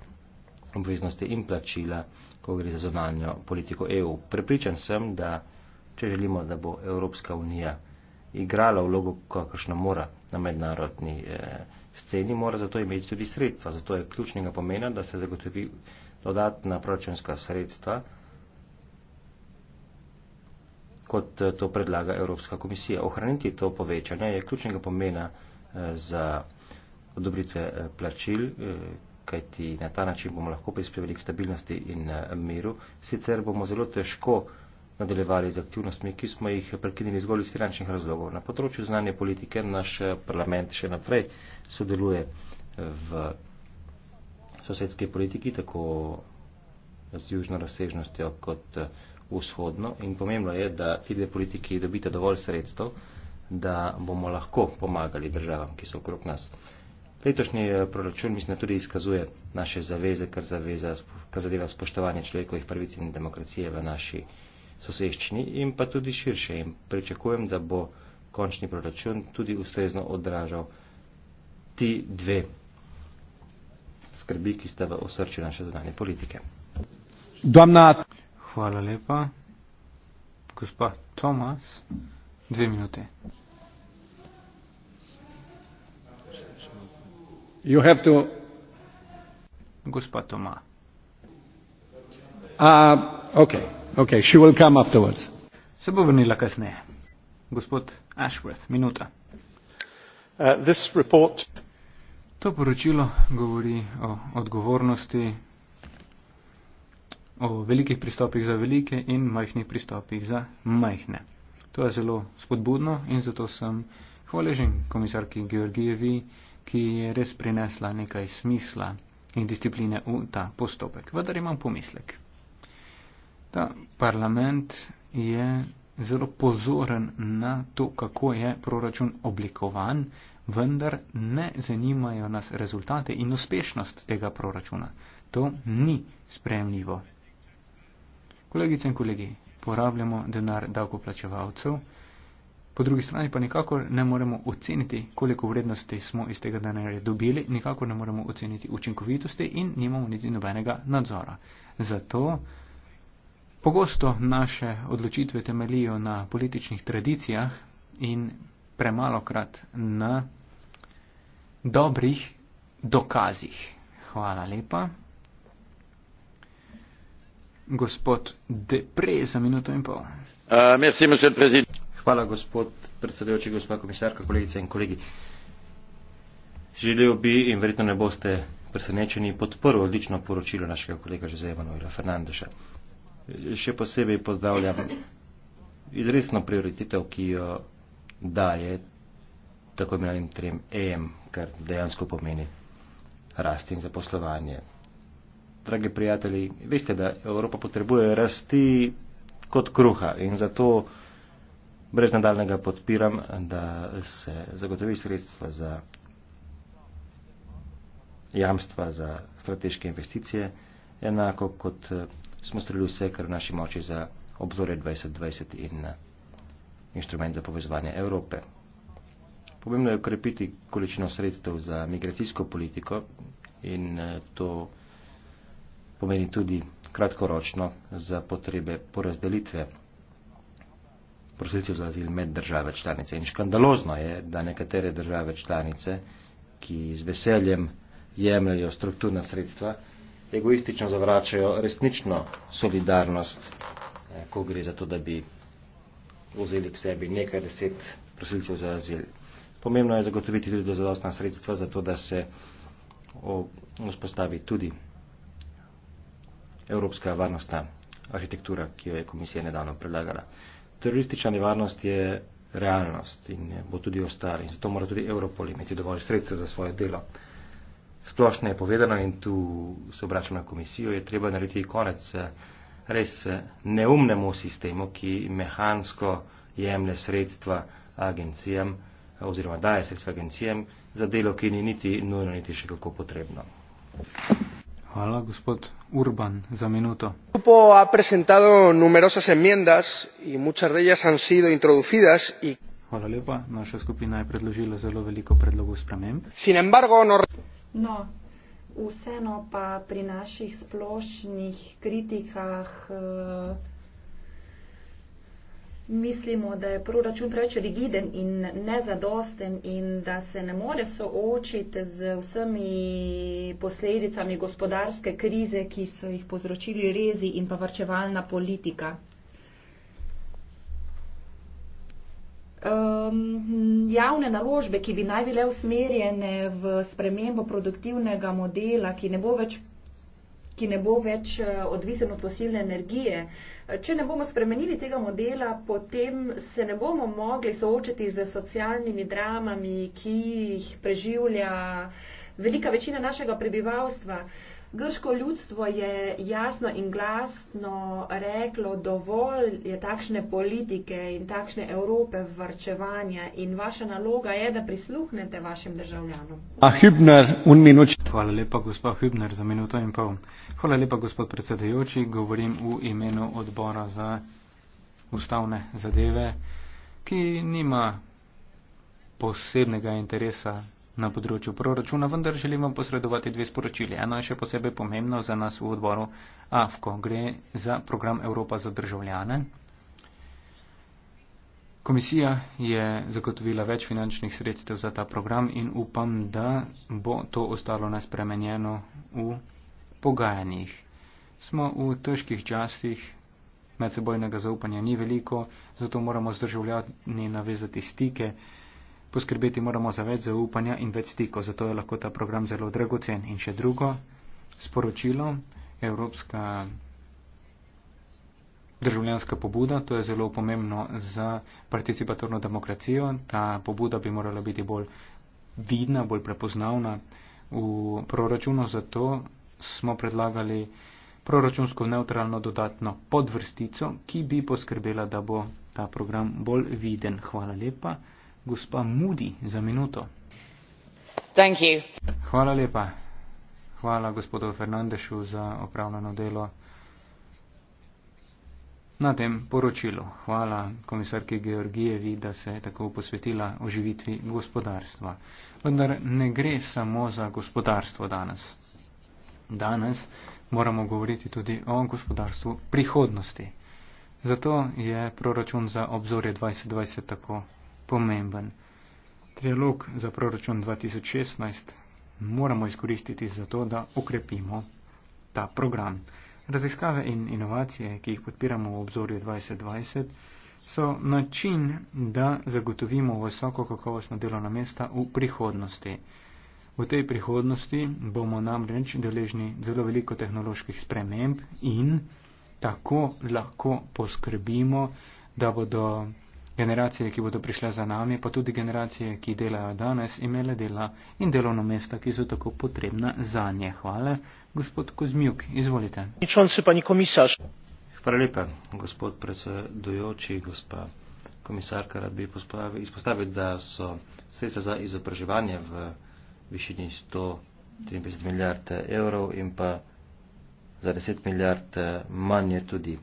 obveznosti in plačila, ko gre za zonalno politiko EU. Prepričan sem, da če želimo, da bo Evropska unija igrala vlogo, kakršno mora na mednarodni eh, sceni, mora zato imeti tudi sredstva. Zato je ključnega pomena, da se zagotovi dodatna proračunska sredstva, kot eh, to predlaga Evropska komisija. Ohraniti to povečanje je ključnega pomena eh, za odobritve eh, plačil, eh, kajti na ta način bomo lahko prispevali k stabilnosti in eh, miru. Sicer bomo zelo težko nadaljevali z aktivnostmi, ki smo jih prekinili zgolj iz finančnih razlogov. Na področju znanja politike naš parlament še naprej sodeluje v sosedske politiki, tako z južno razsežnostjo kot vzhodno. In pomembno je, da ti dve politiki dobite dovolj sredstev, da bomo lahko pomagali državam, ki so okrog nas. Letošnji eh, proračun, mislim, tudi izkazuje naše zaveze, kar, zaveza, kar zadeva spoštovanje človekovih pravic in demokracije v naši soseščini in pa tudi širše. In pričakujem, da bo končni proračun tudi ustrezno odražal ti dve skrbi, ki sta v osrčju naše zadanje politike. Domna. Hvala lepa. Gospa Tomas, dve minute. You have to. Gospa Toma. Uh, okay, okay, she will come afterwards. Se bo vrnila kasneje. Gospod Ashworth, minuta. Uh, this report. To poročilo govori o odgovornosti, o velikih pristopih za velike in majhnih pristopih za majhne. To je zelo spodbudno in zato sem hvaležen komisarki Georgijevi ki je res prinesla nekaj smisla in discipline v ta postopek. Vendar imam pomislek. Ta parlament je zelo pozoren na to, kako je proračun oblikovan, vendar ne zanimajo nas rezultate in uspešnost tega proračuna. To ni spremljivo. Kolegice in kolegi, porabljamo denar davkoplačevalcev. Po drugi strani pa nikakor ne moremo oceniti, koliko vrednosti smo iz tega denarja dobili, nikakor ne moremo oceniti učinkovitosti in nimamo niti nobenega nadzora. Zato pogosto naše odločitve temelijo na političnih tradicijah in premalokrat na dobrih dokazih. Hvala lepa. Gospod Depre za minuto in pol. Uh, merci, Hvala, gospod predsedujoči, gospa komisarka, kolegice in kolegi. Želel bi in verjetno ne boste presenečeni podprl odlično poročilo našega kolega Žezeja Manuela Fernandeša. Še posebej pozdravljam izresno prioritetov, ki jo daje tako imenim trem EM, kar dejansko pomeni rast in zaposlovanje. Dragi prijatelji, veste, da Evropa potrebuje rasti kot kruha in zato brez nadaljnega podpiram, da se zagotovi sredstva za jamstva za strateške investicije, enako kot eh, smo storili vse, kar v naši moči za obzore 2020 in eh, inštrument za povezovanje Evrope. Pomembno je ukrepiti količino sredstev za migracijsko politiko in eh, to pomeni tudi kratkoročno za potrebe porazdelitve prosilcev za azil med države članice. In škandalozno je, da nekatere države članice, ki z veseljem jemljajo strukturna sredstva, egoistično zavračajo resnično solidarnost, eh, ko gre za to, da bi vzeli k sebi nekaj deset prosilcev za azil. Pomembno je zagotoviti tudi dozadostna sredstva za to, da se vzpostavi tudi evropska varnostna arhitektura, ki jo je komisija nedavno predlagala teroristična nevarnost je realnost in bo tudi ostala. In zato mora tudi Evropol imeti dovolj sredstev za svoje delo. Splošno je povedano in tu se obračam na komisijo, je treba narediti konec eh, res eh, neumnemu sistemu, ki mehansko jemlje sredstva agencijam eh, oziroma daje sredstva agencijam za delo, ki ni niti nujno, niti še kako potrebno. Thank you. Hvala, gospod Urban, za minuto. El grupo ha presentado numerosas enmiendas y muchas de ellas han sido introducidas y Hvala lepa, naša skupina je predložila zelo veliko predlogov sprememb. Sin embargo, no... no, vseeno pa pri naših splošnih kritikah uh mislimo, da je proračun preveč rigiden in nezadosten in da se ne more soočiti z vsemi posledicami gospodarske krize, ki so jih povzročili rezi in pa varčevalna politika. Um, javne naložbe, ki bi naj bile usmerjene v spremembo produktivnega modela, ki ne bo več ki ne bo več eh, odvisen od fosilne energije. Eh, če ne bomo spremenili tega modela, potem se ne bomo mogli soočiti z socialnimi dramami, ki jih preživlja velika večina našega prebivalstva. Uh, Grško ljudstvo je jasno in glasno reklo, dovolj je takšne politike in takšne Evrope vrčevanja in vaša naloga je, da prisluhnete vašim državljanom. A Hübner, un minut. Hvala lepa, gospod Hübner, za minuto in pol. Hvala lepa, gospod predsedajoči, govorim v imenu odbora za ustavne zadeve, ki nima posebnega interesa na področju proračuna, vendar želim vam posredovati dve sporočili. Eno je še posebej pomembno za nas v odboru AFKO. Gre za program Evropa za državljane. Komisija je zagotovila več finančnih sredstev za ta program in upam, da bo to ostalo nespremenjeno v pogajanjih. Smo v težkih časih, medsebojnega zaupanja ni veliko, zato moramo z državljani navezati stike. Poskrbeti moramo za več zaupanja in več stikov, zato je lahko ta program zelo dragocen. In še drugo sporočilo, Evropska državljanska pobuda, to je zelo pomembno za participatorno demokracijo. Ta pobuda bi morala biti bolj vidna, bolj prepoznavna v proračunu, zato smo predlagali proračunsko neutralno dodatno podvrstico, ki bi poskrbela, da bo ta program bolj viden. Hvala lepa gospa Moody za minuto. Hvala lepa. Hvala gospodu Fernandešu za opravljeno delo na tem poročilu. Hvala komisarki Georgijevi, da se je tako posvetila oživitvi gospodarstva. Vendar ne gre samo za gospodarstvo danes. Danes moramo govoriti tudi o gospodarstvu prihodnosti. Zato je proračun za obzorje 2020 tako pomemben. Trialog za proračun 2016 moramo izkoristiti za to, da okrepimo ta program. Raziskave in inovacije, ki jih podpiramo v obzorju 2020, so način, da zagotovimo visoko kakovostna delovna mesta v prihodnosti. V tej prihodnosti bomo namreč deležni zelo veliko tehnoloških sprememb in tako lahko poskrbimo, da bodo generacije, ki bodo prišle za nami, pa tudi generacije, ki delajo danes, imele dela in delovno mesta, ki so tako potrebna za nje. Hvala, gospod Kozmjuk, izvolite. Hvala lepa, gospod predsedujoči, gospa komisarka, rad bi izpostavil, da so sredstva za izobraževanje v višini 153 milijard evrov in pa za 10 milijard eh, manje tudi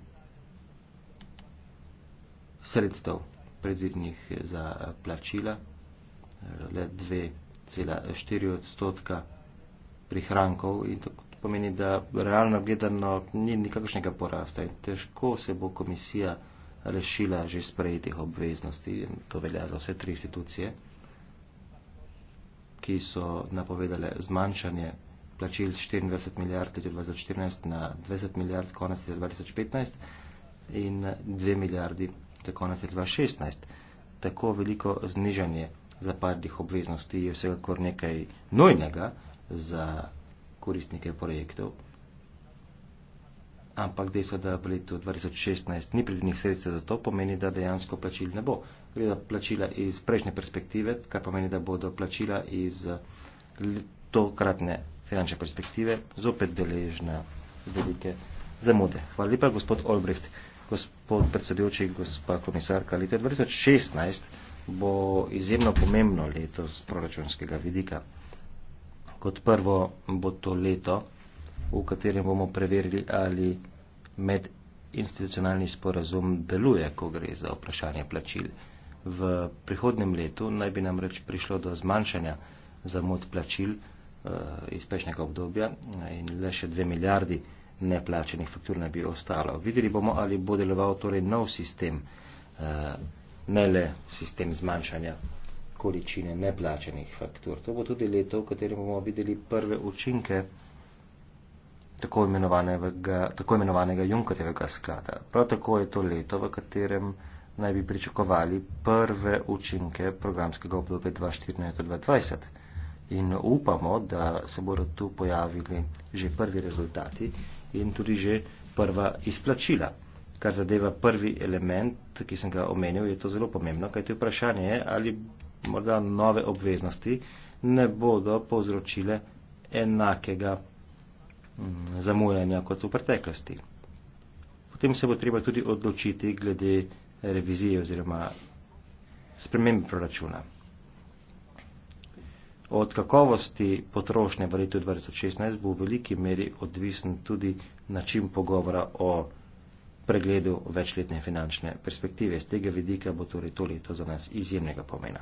sredstev predvidnih eh, za eh, plačila, eh, le 2,4 odstotka prihrankov in to pomeni, da realno gledano ni nikakšnega porasta in težko se bo komisija rešila že sprejetih obveznosti in to velja za vse tri institucije, ki so napovedale zmanjšanje plačil 24 milijard 2014 na 20 milijard konec 2015 in 2 milijardi to je konec leta 2016. Tako veliko znižanje zapadlih obveznosti je vsekakor nekaj nujnega za koristnike projektov. Ampak dejstvo, da v letu 2016 ni predvidenih sredstev za to, pomeni, da dejansko plačil ne bo. Gre za plačila iz prejšnje perspektive, kar pomeni, da bodo plačila iz tokratne finančne perspektive zopet deležna velike zamude. Hvala lepa, gospod Olbricht podpredsedujoči gospa komisarka, leta 2016 bo izjemno pomembno leto z proračunskega vidika. Kot prvo bo to leto, v katerem bomo preverili, ali medinstitucionalni sporazum deluje, ko gre za vprašanje plačil. V prihodnem letu naj bi nam reč prišlo do zmanjšanja zamud plačil uh, iz prejšnjega obdobja eh, in le še dve milijardi uh, neplačenih faktur ne bi ostalo. Videli bomo, ali bo deloval torej nov sistem, eh, ne le sistem zmanjšanja količine neplačenih faktur. To bo tudi leto, v katerem bomo videli prve učinke tako imenovanega, tako imenovanega Junkerjevega sklada. Prav tako je to leto, v katerem naj bi pričakovali prve učinke programskega obdobja 2014-2020. In upamo, da se bodo tu pojavili že prvi rezultati in tudi že prva izplačila. Kar zadeva prvi element, ki sem ga omenil, je to zelo pomembno, kajte vprašanje je, ali morda nove obveznosti ne bodo povzročile enakega mm, zamujanja kot v preteklosti. Potem se bo treba tudi odločiti glede revizije oziroma spremembe proračuna od kakovosti potrošnje v letu 2016 bo v veliki meri odvisen tudi način pogovora o pregledu večletne finančne perspektive. Z tega vidika bo torej to leto za nas izjemnega pomena.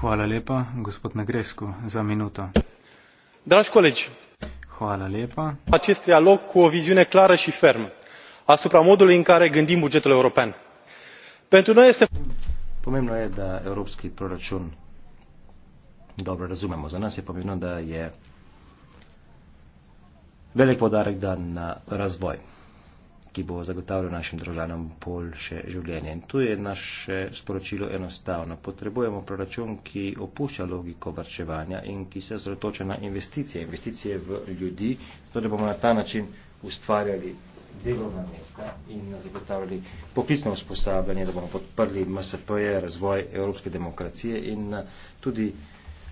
Hvala lepa, gospod Negresko, za minuto. Dragi kolegi, hvala lepa. Acest dialog cu o viziune clară și fermă asupra modului în care gândim bugetul european. Pentru noi este... Pomembno je, da evropski proračun dobro razumemo. Za nas je pomembno, da je velik podarek dan na razvoj, ki bo zagotavljal našim državljanom boljše življenje. In tu je naše sporočilo enostavno. Potrebujemo proračun, ki opušča logiko vrčevanja in ki se osredotoča na investicije, investicije v ljudi, zato da bomo na ta način ustvarjali delovna mesta in zagotavljali poklicno usposabljanje, da bomo podprli MSP-je, razvoj evropske demokracije in eh, tudi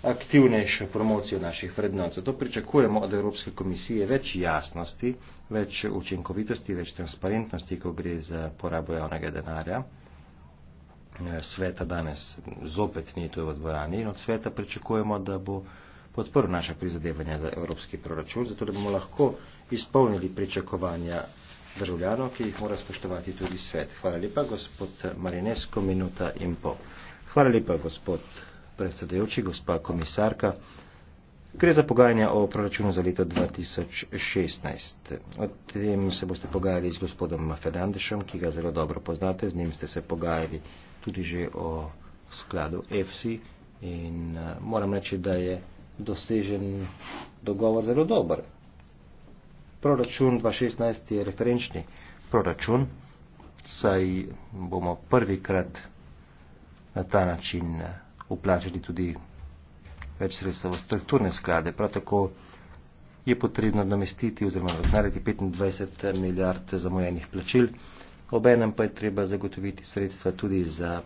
aktivnejšo promocijo naših vrednot. Zato pričakujemo od Evropske komisije več jasnosti, več učinkovitosti, več transparentnosti, ko gre za porabo javnega denarja. Eh, sveta danes zopet ni tu v dvorani in od sveta pričakujemo, da bo podprl naša prizadevanja za evropski proračun, zato da bomo lahko izpolnili pričakovanja državljanov, ki jih mora spoštovati tudi svet. Hvala lepa, gospod Marinesko, minuta in po. Hvala lepa, gospod predsedajoči, gospa komisarka. Gre za pogajanja o proračunu za leto 2016. O tem se boste pogajali z gospodom Fernandešem, ki ga zelo dobro poznate. Z njim ste se pogajali tudi že o skladu EFSI in eh, moram reči, da je dosežen dogovor zelo dober proračun 2016 je referenčni proračun, saj bomo prvikrat na ta način uplačali eh, tudi več sredstev v strukturne sklade. Prav tako je potrebno namestiti oziroma odnareti 25 milijard zamojenih plačil, obenem pa je treba zagotoviti sredstva tudi za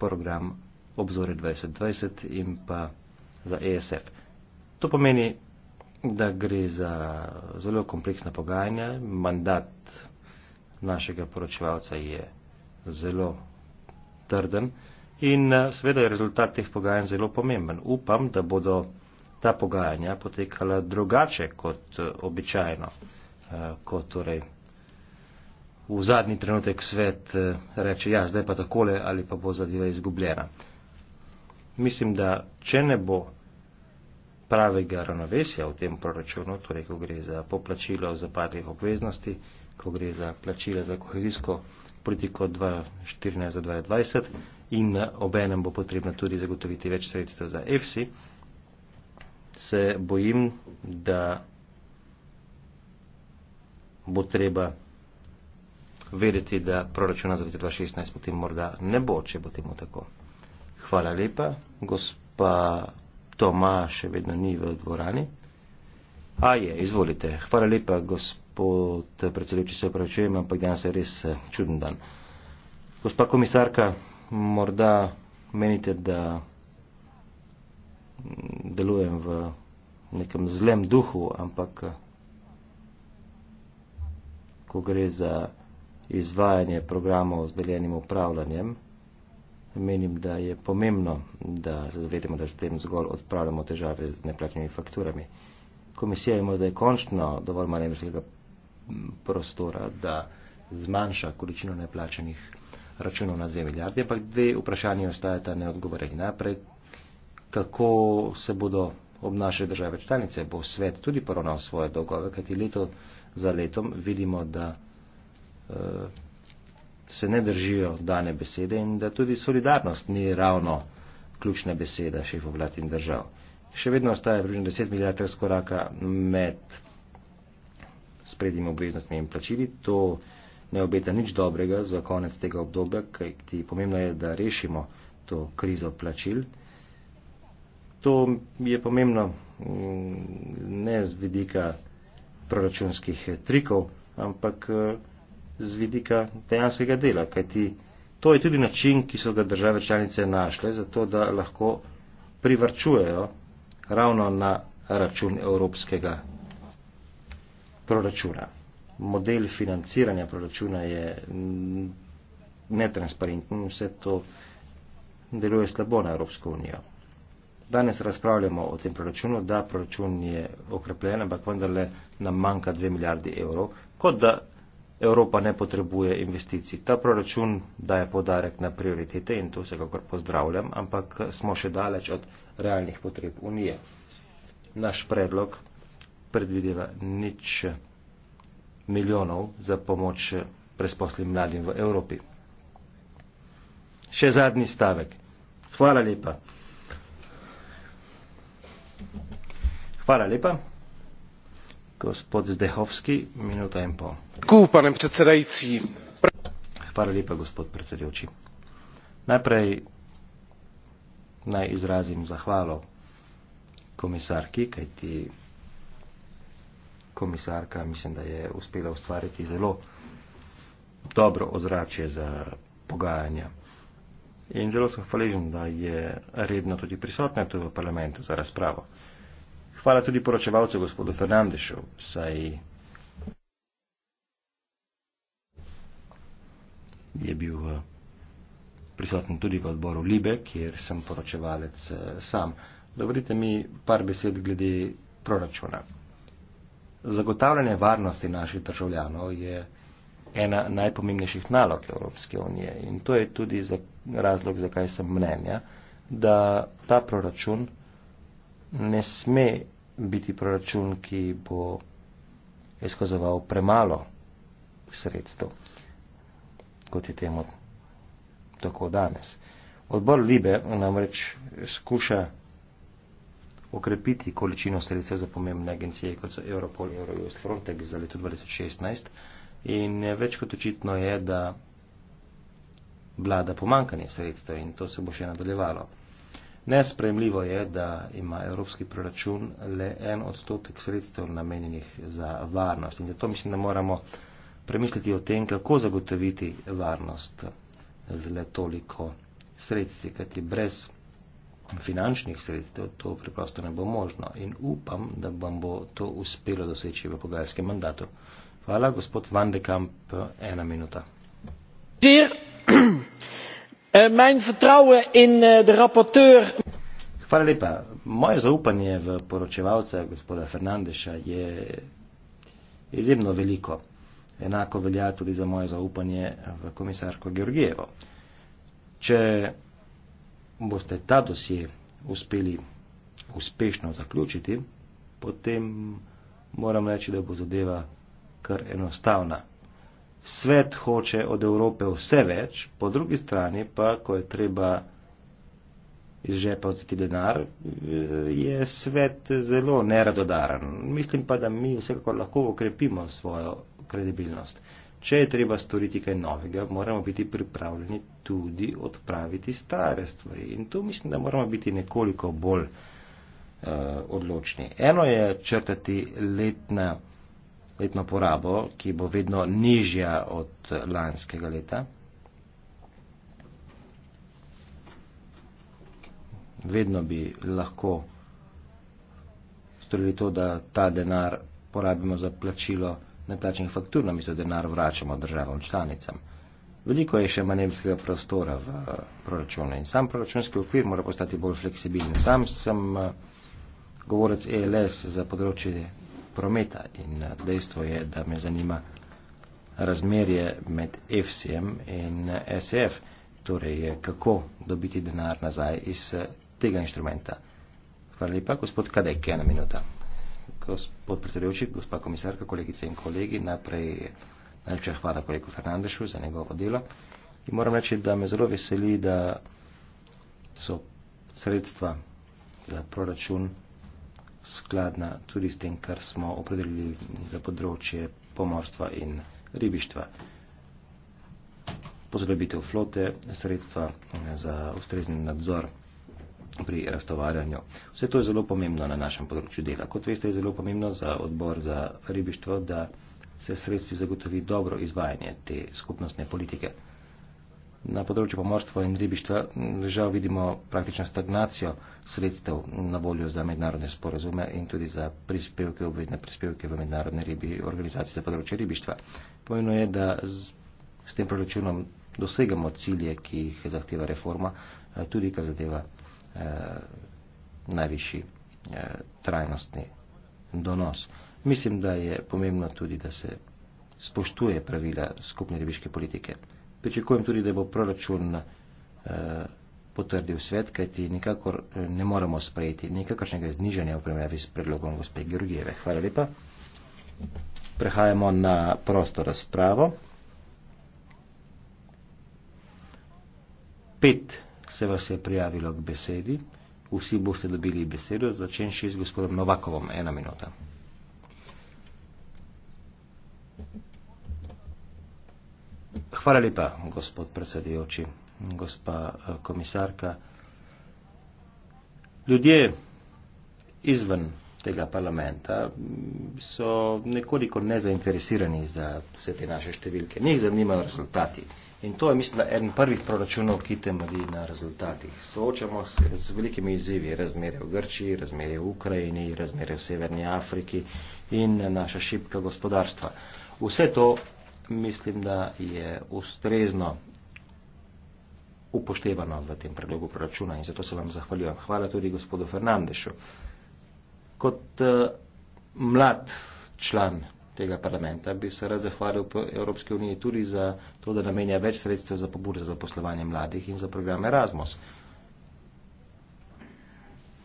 program obzore 2020 in pa za ESF. To pomeni da gre za zelo kompleksna pogajanja. Mandat našega poročevalca je zelo trden in eh, seveda je rezultat teh pogajanj zelo pomemben. Upam, da bodo ta pogajanja potekala drugače kot eh, običajno, eh, ko torej v zadnji trenutek svet reče, ja, zdaj pa takole ali pa bo zadeva izgubljena. Mislim, da če ne bo pravega ravnovesja v tem proračunu, torej ko gre za poplačilo zapadlih obveznosti, ko gre za plačila za kohezijsko politiko 2014 za 2020 in obenem bo potrebno tudi zagotoviti več sredstev za EFSI, se bojim, da bo treba vedeti, da proračuna za leto 2016 potem morda ne bo, če bo temu tako. Hvala lepa, gospod. Pa Toma še vedno ni v dvorani. A je, izvolite. Hvala lepa, gospod predsedujoči, se opravičujem, ampak danes je res eh, čuden dan. Gospa komisarka, morda menite, da mm, delujem v nekem zlem duhu, ampak eh, ko gre za izvajanje programov z deljenim upravljanjem, Menim, da je pomembno, da se zavedemo, da s tem zgolj odpravljamo težave z neplačenimi fakturami. Komisija ima zdaj končno dovolj manevrskega prostora, da zmanjša količino neplačenih računov na 2 milijarde, ampak dve vprašanje ostajata neodgovoreni. Najprej, kako se bodo obnašali države članice, bo svet tudi poravnal svoje dolgove, kajti leto za letom vidimo, da. Uh, se ne držijo dane besede in da tudi solidarnost ni ravno ključna beseda šefov vlad in držav. Še vedno ostaje približno 10 milijard razkoraka med sprednjimi obveznostmi in plačili. To ne obeta nič dobrega za konec tega obdobja, kajti pomembno je, da rešimo to krizo plačil. To je pomembno mm, ne z vidika proračunskih trikov, ampak eh, z vidika dejanskega dela, kajti to je tudi način, ki so ga države članice našle, zato da lahko privrčujejo ravno na račun evropskega proračuna. Model financiranja proračuna je netransparenten in vse to deluje slabo na Evropsko unijo. Danes razpravljamo o tem proračunu, da proračun je okrepljen, ampak vendarle nam manjka 2 milijardi evrov, kot da Evropa ne potrebuje investicij. Ta proračun daje podarek na prioritete in to vsekakor pozdravljam, ampak smo še daleč od realnih potreb Unije. Naš predlog predvideva nič milijonov za pomoč presposlim mladim v Evropi. Še zadnji stavek. Hvala lepa. Hvala lepa pane předsedající najprej naj izrazim zahvalo komisarki kajti komisarka mislim da je uspela ustvariti zelo dobro ozračje za pogajanja in zelo sem hvaležen da je redno tudi prisotna tu v parlamentu za razpravo Hvala tudi poročevalcu gospodu Fernandešu, saj je bil eh, prisoten tudi v odboru Libe, kjer sem poročevalec eh, sam. Dovolite mi par besed glede proračuna. Zagotavljanje varnosti naših državljanov je ena najpomembnejših nalog Evropske unije in to je tudi razlog, zakaj sem mnenja, da ta proračun ne sme biti proračun, ki bo izkazoval premalo sredstev, kot je temu tako danes. Odbor Libe namreč skuša okrepiti količino sredstev za pomembne agencije, kot so Europol, Eurojust, Frontex za leto 2016 in več kot očitno je, da vlada pomankanje sredstev in to se bo še nadaljevalo. Nesprejemljivo je, da ima evropski proračun le en odstotek sredstev namenjenih za varnost in zato mislim, da moramo premisliti o tem, kako zagotoviti varnost z le toliko sredstvi, kajti brez finančnih sredstev to preprosto ne bo možno in upam, da vam bo to uspelo doseči v pogajalskem mandatu. Hvala, gospod Vandekamp, ena minuta. Dear Eh, mijn vertrouwen in eh, de rapporteur. Hvala lepa. Moje zaupanje v poročevalca gospoda Fernandeša je izjemno veliko. Enako velja tudi za moje zaupanje v komisarko Georgijevo. Če boste ta dosje uspeli uspešno zaključiti, potem moram reči, da bo zadeva kar enostavna svet hoče od Evrope vse več, po drugi strani pa, ko je treba iz žepa vzeti denar, je svet zelo neradodaren. Mislim pa, da mi vsekakor lahko okrepimo svojo kredibilnost. Če je treba storiti kaj novega, moramo biti pripravljeni tudi odpraviti stare stvari. In tu mislim, da moramo biti nekoliko bolj uh, odločni. Eno je črtati letna letno porabo, ki bo vedno nižja od lanskega leta. Vedno bi lahko storili to, da ta denar porabimo za plačilo neplačenih faktur, namesto denar vračamo državam članicam. Veliko je še manevrskega prostora v proračunu in sam proračunski okvir mora postati bolj fleksibilen. Sam sem eh, govorec ELS za področje prometa in eh, dejstvo je, da me zanima razmerje med FCM in eh, SF, e torej eh, kako dobiti denar nazaj iz tega inštrumenta. Hvala lepa, gospod Kadek, ena minuta. Gospod predsedujoči, gospa komisarka, kolegice in kolegi, najprej najlepša hvala kolegu Fernandešu za njegovo delo. In moram reči, da me zelo veseli, da so sredstva za proračun skladna tudi s tem, kar smo opredelili za področje pomorstva in ribištva. Posodobitev flote, sredstva za ustrezni nadzor pri raztovarjanju. Vse to je zelo pomembno na našem področju dela. Kot veste, je zelo pomembno za odbor za ribištvo, da se sredstvi zagotovi dobro izvajanje te skupnostne politike na področju pomorstva in ribištva žal vidimo praktično stagnacijo sredstev na voljo za mednarodne sporazume in tudi za prispevke, obvezne prispevke v mednarodne ribi, organizacije za področje ribištva. Pomembno je, da z, s tem proračunom dosegamo cilje, ki jih zahteva reforma, eh, tudi kar zadeva eh, najvišji eh, trajnostni donos. Mislim, da je pomembno tudi, da se spoštuje pravila skupne ribiške politike pričakujem tudi, da bo proračun eh, potrdil svet, kajti nikakor eh, ne moramo sprejeti nikakršnega znižanja v primerjavi s predlogom gospe Georgijeve. Hvala lepa. Prehajamo na prosto razpravo. Pet se vas je prijavilo k besedi. Vsi boste dobili besedo. Začen še z gospodom Novakovom. Ena minuta. Thank you. Hvala lepa, gospod predsedujoči, gospa eh, komisarka. Ljudje izven tega parlamenta mm, so nekoliko nezainteresirani za vse te naše številke. Njih zanimajo rezultati. In to je, mislim, da en prvih proračunov, ki temelji na rezultatih. Soočamo se z velikimi izzivi, razmere v Grčiji, razmere v Ukrajini, razmere v Severni Afriki in naša šipka gospodarstva. Vse to mislim, da je ustrezno upoštevano v tem predlogu proračuna in zato se vam zahvaljujem. Hvala tudi gospodu Fernandešu. Kot uh, mlad član tega parlamenta bi se rad zahvalil Evropske unije tudi za to, da namenja več sredstev za pobude za poslovanje mladih in za program Erasmus.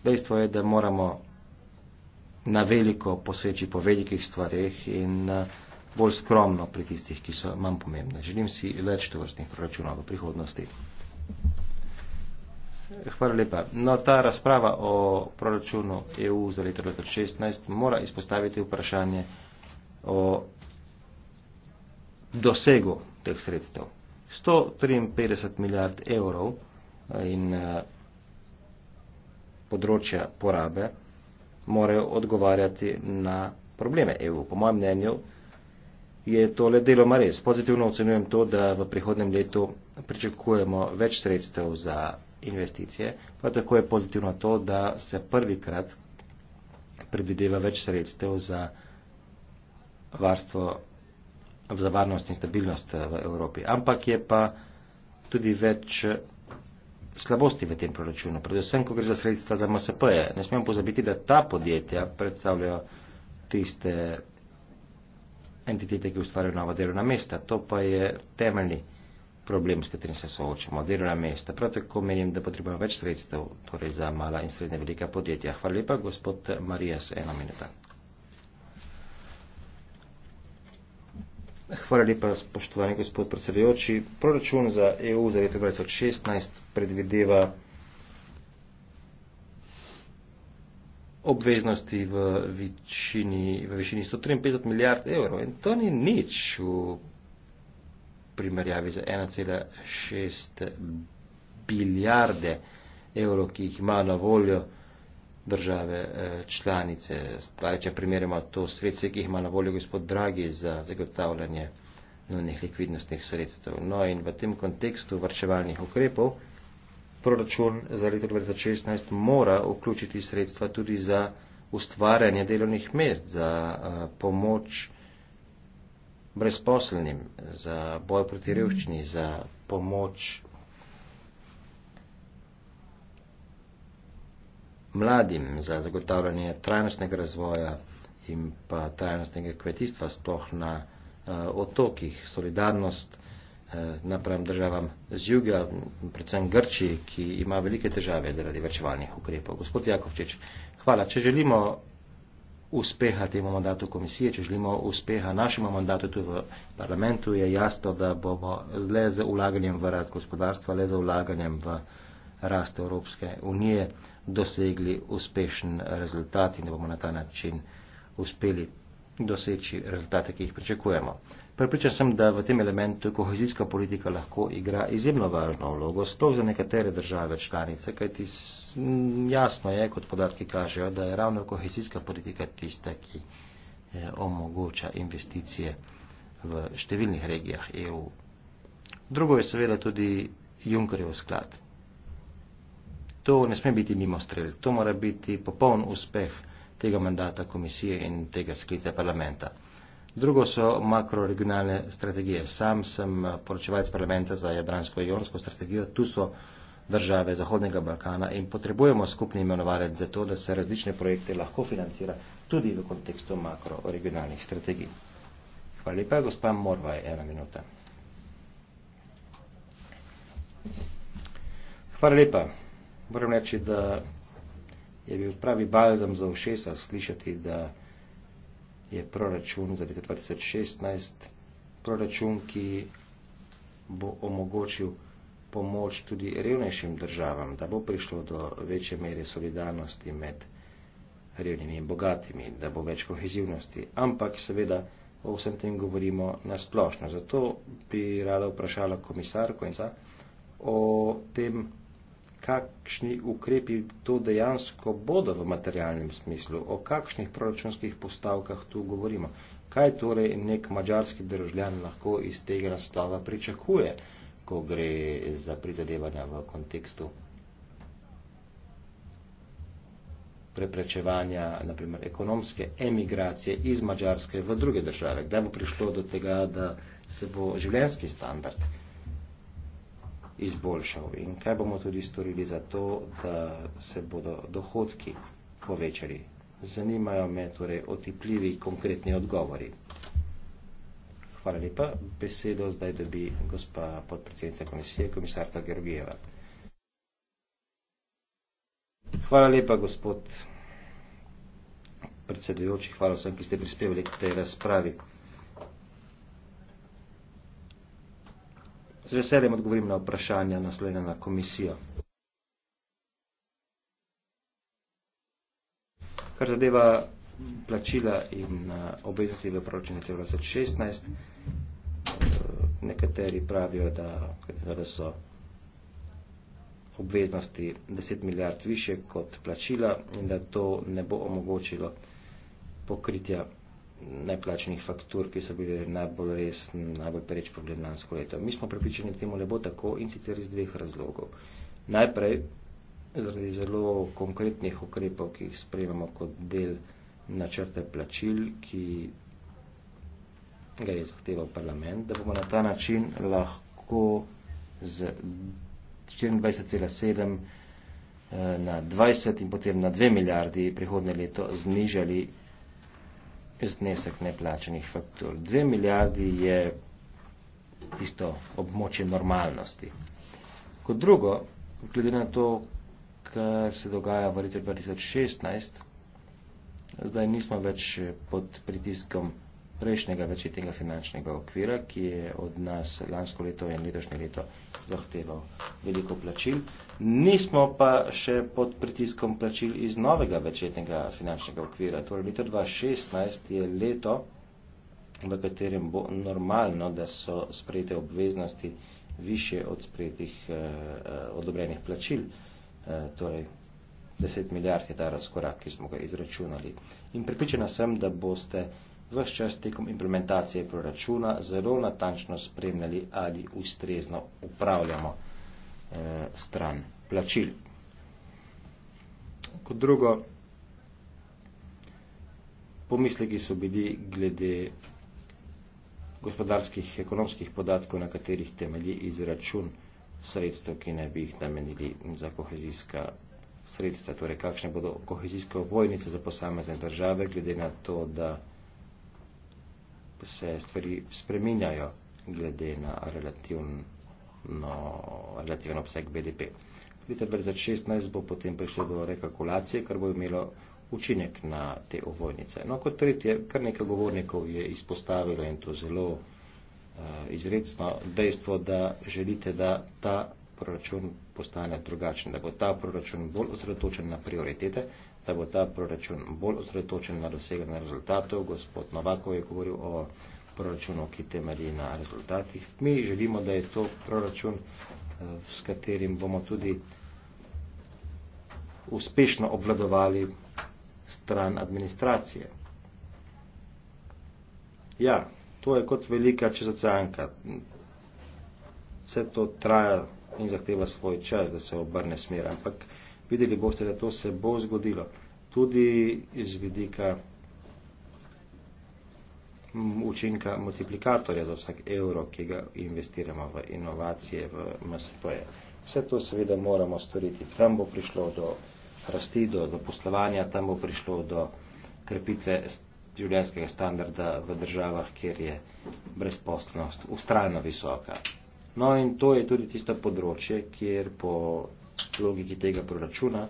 Dejstvo je, da moramo na veliko poseči po velikih stvarih in uh, bolj skromno pri tistih, ki so manj pomembne. Želim si več tovrstnih proračunov v prihodnosti. Hvala lepa. No, ta razprava o proračunu EU za leto 2016 mora izpostaviti vprašanje o dosegu teh sredstev. 153 milijard evrov eh, in eh, področja porabe morajo odgovarjati na probleme EU. Po mojem mnenju je tole deloma res. Pozitivno ocenujem to, da v prihodnem letu pričakujemo več sredstev za investicije, pa tako je pozitivno to, da se prvikrat predvideva več sredstev za varstvo, za varnost in stabilnost eh, v Evropi. Ampak je pa tudi več eh, slabosti v tem proračunu, predvsem, ko gre za sredstva za MSP-je. Ne smemo pozabiti, da ta podjetja predstavljajo tiste entitete, ki ustvarjajo nova delovna mesta. To pa je temeljni problem, s katerim se soočamo, delovna mesta. Prav tako menim, da potrebujemo več sredstev, torej za mala in srednje velika podjetja. Hvala lepa, gospod Marijas, eno minuto. Hvala lepa, spoštovani gospod predsedujoči. Proračun za EU za leto 2016 predvideva obveznosti v višini, v višini 153 milijard evrov. In to ni nič v primerjavi za 1,6 milijarde evrov, ki jih ima na voljo države eh, članice. Spravi, če primerjamo to sredstvo, ki jih ima na voljo gospod Dragi za zagotavljanje nujnih likvidnostnih sredstev. No in v tem kontekstu vrčevalnih ukrepov proračun za leto 2016 mora vključiti sredstva tudi za ustvarjanje delovnih mest, za eh, pomoč brezposelnim, za boj proti revščini, za pomoč mladim, za zagotavljanje trajnostnega razvoja in pa trajnostnega kmetijstva, sploh na eh, otokih, solidarnost Eh, napram državam z juga, predvsem Grči, ki ima velike težave zaradi vrčevalnih ukrepov. Gospod Jakovčič, hvala. Če želimo uspeha temu mandatu komisije, če želimo uspeha našemu mandatu tu v parlamentu, je jasno, da bomo le z ulaganjem v rast gospodarstva, le z ulaganjem v rast Evropske unije dosegli uspešen rezultat in da bomo na ta način uspeli doseči rezultate, ki jih pričakujemo. Pripričan sem, da v tem elementu kohezijska politika lahko igra izjemno važno vlogo, sploh za nekatere države članice, kajti jasno je, kot podatki kažejo, da je ravno kohezijska politika tista, ki eh, omogoča investicije v številnih regijah EU. Drugo je seveda tudi Junkerjev sklad. To ne sme biti mimo strel, to mora biti popoln uspeh tega mandata komisije in tega sklica parlamenta. Drugo so makroregionalne strategije. Sam sem eh, poročevalec parlamenta za jadransko-jonsko strategijo. Tu so države Zahodnega Balkana in potrebujemo skupni imenovalec za to, da se različne projekte lahko financira tudi v kontekstu makroregionalnih strategij. Hvala lepa, gospa Morvaj, ena minuta. Hvala lepa. Moram reči, da je bil pravi balzam za ušesa slišati, da je proračun za leto 2016, proračun, ki bo omogočil pomoč tudi revnejšim državam, da bo prišlo do večje mere solidarnosti med revnimi in bogatimi, da bo več kohezivnosti. Ampak seveda o vsem tem govorimo nasplošno. Zato bi rada vprašala komisarko in za o tem kakšni ukrepi to dejansko bodo v materialnem smislu, o kakšnih proračunskih postavkah tu govorimo. Kaj torej nek mađarski državljan lahko iz tega naslova pričakuje, ko gre za prizadevanja v kontekstu preprečevanja, naprimer, ekonomske emigracije iz Mađarske v druge države. Kdaj bo prišlo do tega, da se bo življenski standard izboljšal in kaj bomo tudi storili za to, da se bodo dohodki povečali. Zanimajo me torej otipljivi konkretni odgovori. Hvala lepa. Besedo zdaj dobi gospa podpredsednica komisije, komisarka Georgijeva. Hvala lepa, gospod predsedujoči. Hvala vsem, ki ste prispevali k tej razpravi. Z veseljem odgovorim na vprašanja naslovljena na komisijo. Kar zadeva plačila in eh, obveznosti v proračunu 2016, eh, nekateri pravijo, da, da so obveznosti 10 milijard više kot plačila in da to ne bo omogočilo pokritja neplačenih faktur, ki so bile najbolj res, najbolj pereč problem lansko leto. Mi smo pripričani, da temu ne bo tako in sicer iz dveh razlogov. Najprej zaradi zelo konkretnih ukrepov, ki jih sprejemamo kot del načrte plačil, ki ga je zahteval parlament, da bomo na ta način lahko z 24,7 eh, na 20 in potem na 2 milijardi prihodne leto znižali znesek neplačenih faktur. Dve milijardi je tisto območje normalnosti. Kot drugo, glede na to, kar se dogaja v letu 2016, zdaj nismo več pod pritiskom prejšnjega večitega finančnega okvira, ki je od nas lansko leto in letošnje leto zahteval veliko plačil. Nismo pa še pod pritiskom plačil iz novega večetnega finančnega okvira. Torej, leto 2016 je leto, v katerem bo normalno, da so sprejete obveznosti više od sprejetih eh, eh, odobrenih plačil. Eh, torej, 10 milijard je ta razkorak, ki smo ga izračunali. In pripričana sem, da boste vse čas tekom implementacije proračuna zelo natančno spremljali, ali ustrezno upravljamo eh, stran plačil. Kot drugo, pomisleki so bili glede gospodarskih ekonomskih podatkov, na katerih temelji izračun sredstev, ki ne bi jih namenili za kohezijska sredstva, torej kakšne bodo kohezijske obojnice za posamezne države, glede na to, da se stvari spreminjajo glede na relativno, relativno obseg BDP. Leta 2016 bo potem prišlo do rekalkulacije, kar bo imelo učinek na te ovojnice. No, kot tretje, kar nekaj govornikov je izpostavilo in to zelo uh, eh, izredno dejstvo, da želite, da ta proračun postane drugačen, da bo ta proračun bolj osredotočen na prioritete, da bo ta proračun bolj osredotočen na doseganje rezultatov. Gospod Novakov je govoril o proračunu, ki temelji na rezultatih. Mi želimo, da je to proračun, eh, s katerim bomo tudi uspešno obvladovali stran administracije. Ja, to je kot velika čezoceanka. Vse to traja in zahteva svoj čas, da se obrne smer, ampak videli boste, da to se bo zgodilo. Tudi iz vidika učinka multiplikatorja za vsak evro, ki ga investiramo v inovacije v MSP-je. Vse to seveda moramo storiti. Tam bo prišlo do rasti, do zaposlovanja, tam bo prišlo do krepitve življenjskega standarda v državah, kjer je brezposlenost ustrajno visoka. No in to je tudi tisto področje, kjer po logiki tega proračuna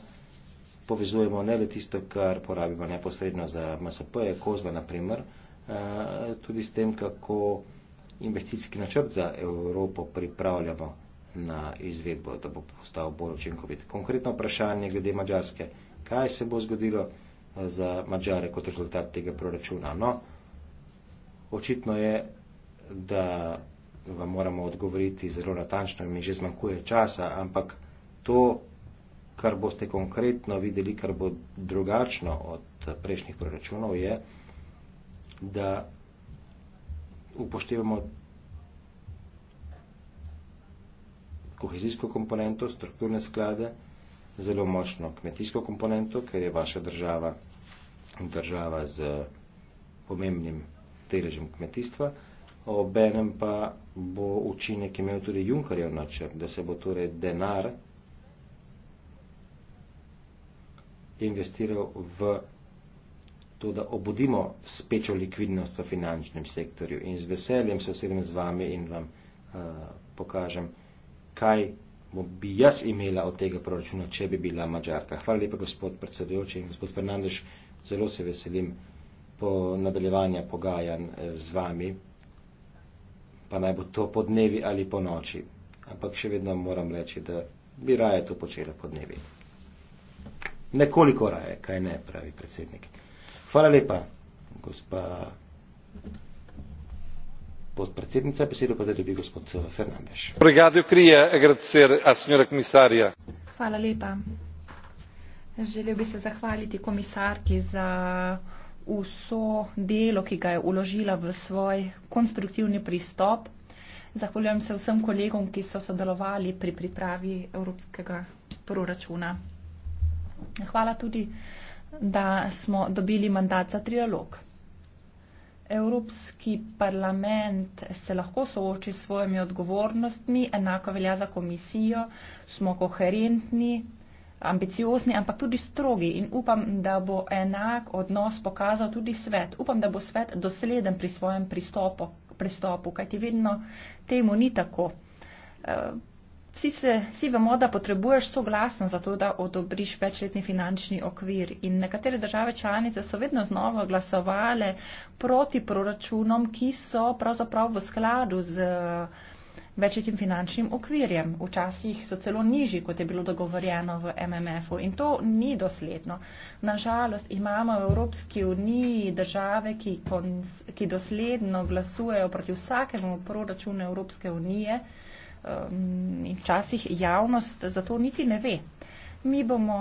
povezujemo ne le tisto, kar porabimo neposredno za MSP, je Kozma naprimer, eh, tudi s tem, kako investicijski načrt za Evropo pripravljamo na izvedbo, da bo postal bolj učinkovit. Konkretno vprašanje glede Mačarske, kaj se bo zgodilo eh, za Mačare kot rezultat tega proračuna. No, očitno je, da vam moramo odgovoriti zelo natančno in mi že zmanjkuje časa, ampak to, kar boste konkretno videli, kar bo drugačno od prejšnjih proračunov, je, da upoštevamo kohezijsko komponento, strukturne sklade, zelo močno kmetijsko komponento, ker je vaša država država z pomembnim deležem kmetijstva. Obenem pa bo učinek imel tudi Junkerjev načrt, da se bo torej denar investiral v to, da obudimo spečo likvidnost v finančnem sektorju in z veseljem se osebim z vami in vam uh, pokažem, kaj bi jaz imela od tega proračuna, če bi bila Mačarka. Hvala lepa, gospod predsedujoči in gospod Fernandeš, zelo se veselim po nadaljevanja pogajan eh, z vami, pa naj bo to po dnevi ali po noči. Ampak še vedno moram reči, da bi raje to počela po dnevi nekoliko raje, kaj ne, pravi predsednik. Hvala lepa, gospa podpredsednica, besedo pa zdaj dobi gospod eh, Fernandez. Hvala lepa. Želel bi se zahvaliti komisarki za vso delo, ki ga je uložila v svoj konstruktivni pristop. Zahvaljujem se vsem kolegom, ki so sodelovali pri pripravi evropskega proračuna. Hvala tudi, da smo dobili mandat za trialog. Evropski parlament se lahko sooči s svojimi odgovornostmi, enako velja za komisijo, smo koherentni, ambiciozni, ampak tudi strogi in upam, da bo enak odnos pokazal tudi svet. Upam, da bo svet dosleden pri svojem pristopu, pristopu kajti vedno temu ni tako. Eh, Vsi, se, vsi vemo, da potrebuješ soglasnost za to, da odobriš večletni finančni okvir. In nekatere države članice so vedno znova glasovale proti proračunom, ki so pravzaprav v skladu z eh, večletnim finančnim okvirjem. Včasih so celo nižji, kot je bilo dogovorjeno v MMF-u. In to ni dosledno. Nažalost imamo v Evropski uniji države, ki, kons, ki dosledno glasujejo proti vsakemu proračunu Evropske unije in um, včasih javnost za to niti ne ve. Mi bomo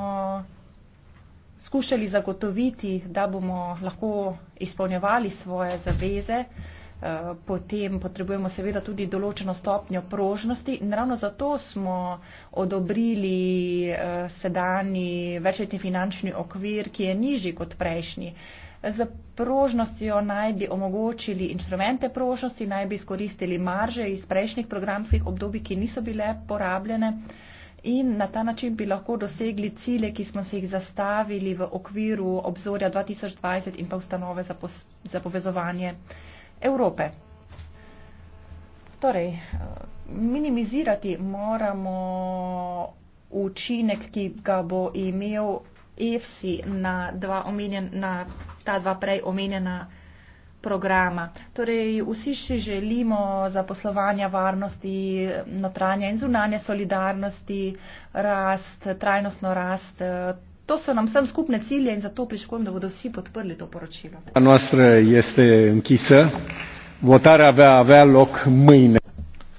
skušali zagotoviti, da bomo lahko izpolnjevali svoje zaveze, uh, potem potrebujemo seveda tudi določeno stopnjo prožnosti in ravno zato smo odobrili uh, sedani večletni finančni okvir, ki je nižji kot prejšnji. Z prožnostjo naj bi omogočili inštrumente prožnosti, naj bi izkoristili marže iz prejšnjih programskih obdobij, ki niso bile porabljene in na ta način bi lahko dosegli cilje, ki smo se jih zastavili v okviru obzorja 2020 in pa ustanove za, za povezovanje Evrope. Torej, minimizirati moramo učinek, ki ga bo imel EFSI na, dva omenjen, na ta dva prej omenjena programa. Torej, vsi si želimo zaposlovanja varnosti, notranja in zunanje solidarnosti, rast, trajnostno rast. To so nam vsem skupne cilje in zato pričakujem, da bodo vsi podprli to poročilo.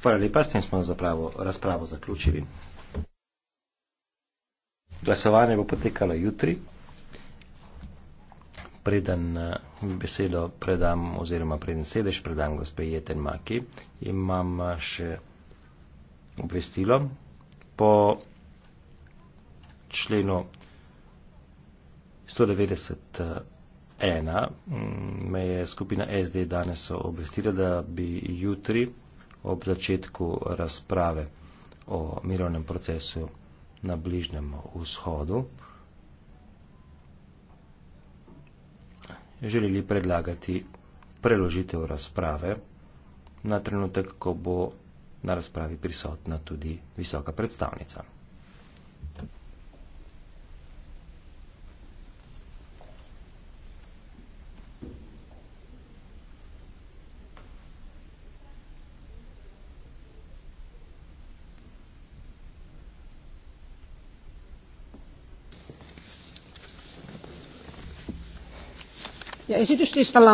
Hvala lepa, s tem smo razpravo zaključili. Glasovanje bo potekalo jutri. Preden eh, besedo predam, oziroma preden sedež predam gospe Jeten Maki, imam eh, še obvestilo. Po členu 191 eh, mm, me je skupina SD danes obvestila, da bi jutri ob začetku razprave o mirovnem procesu na Bližnjem vzhodu želeli predlagati preložitev razprave na trenutek, ko bo na razpravi prisotna tudi visoka predstavnica. esityslistalla on seuraava.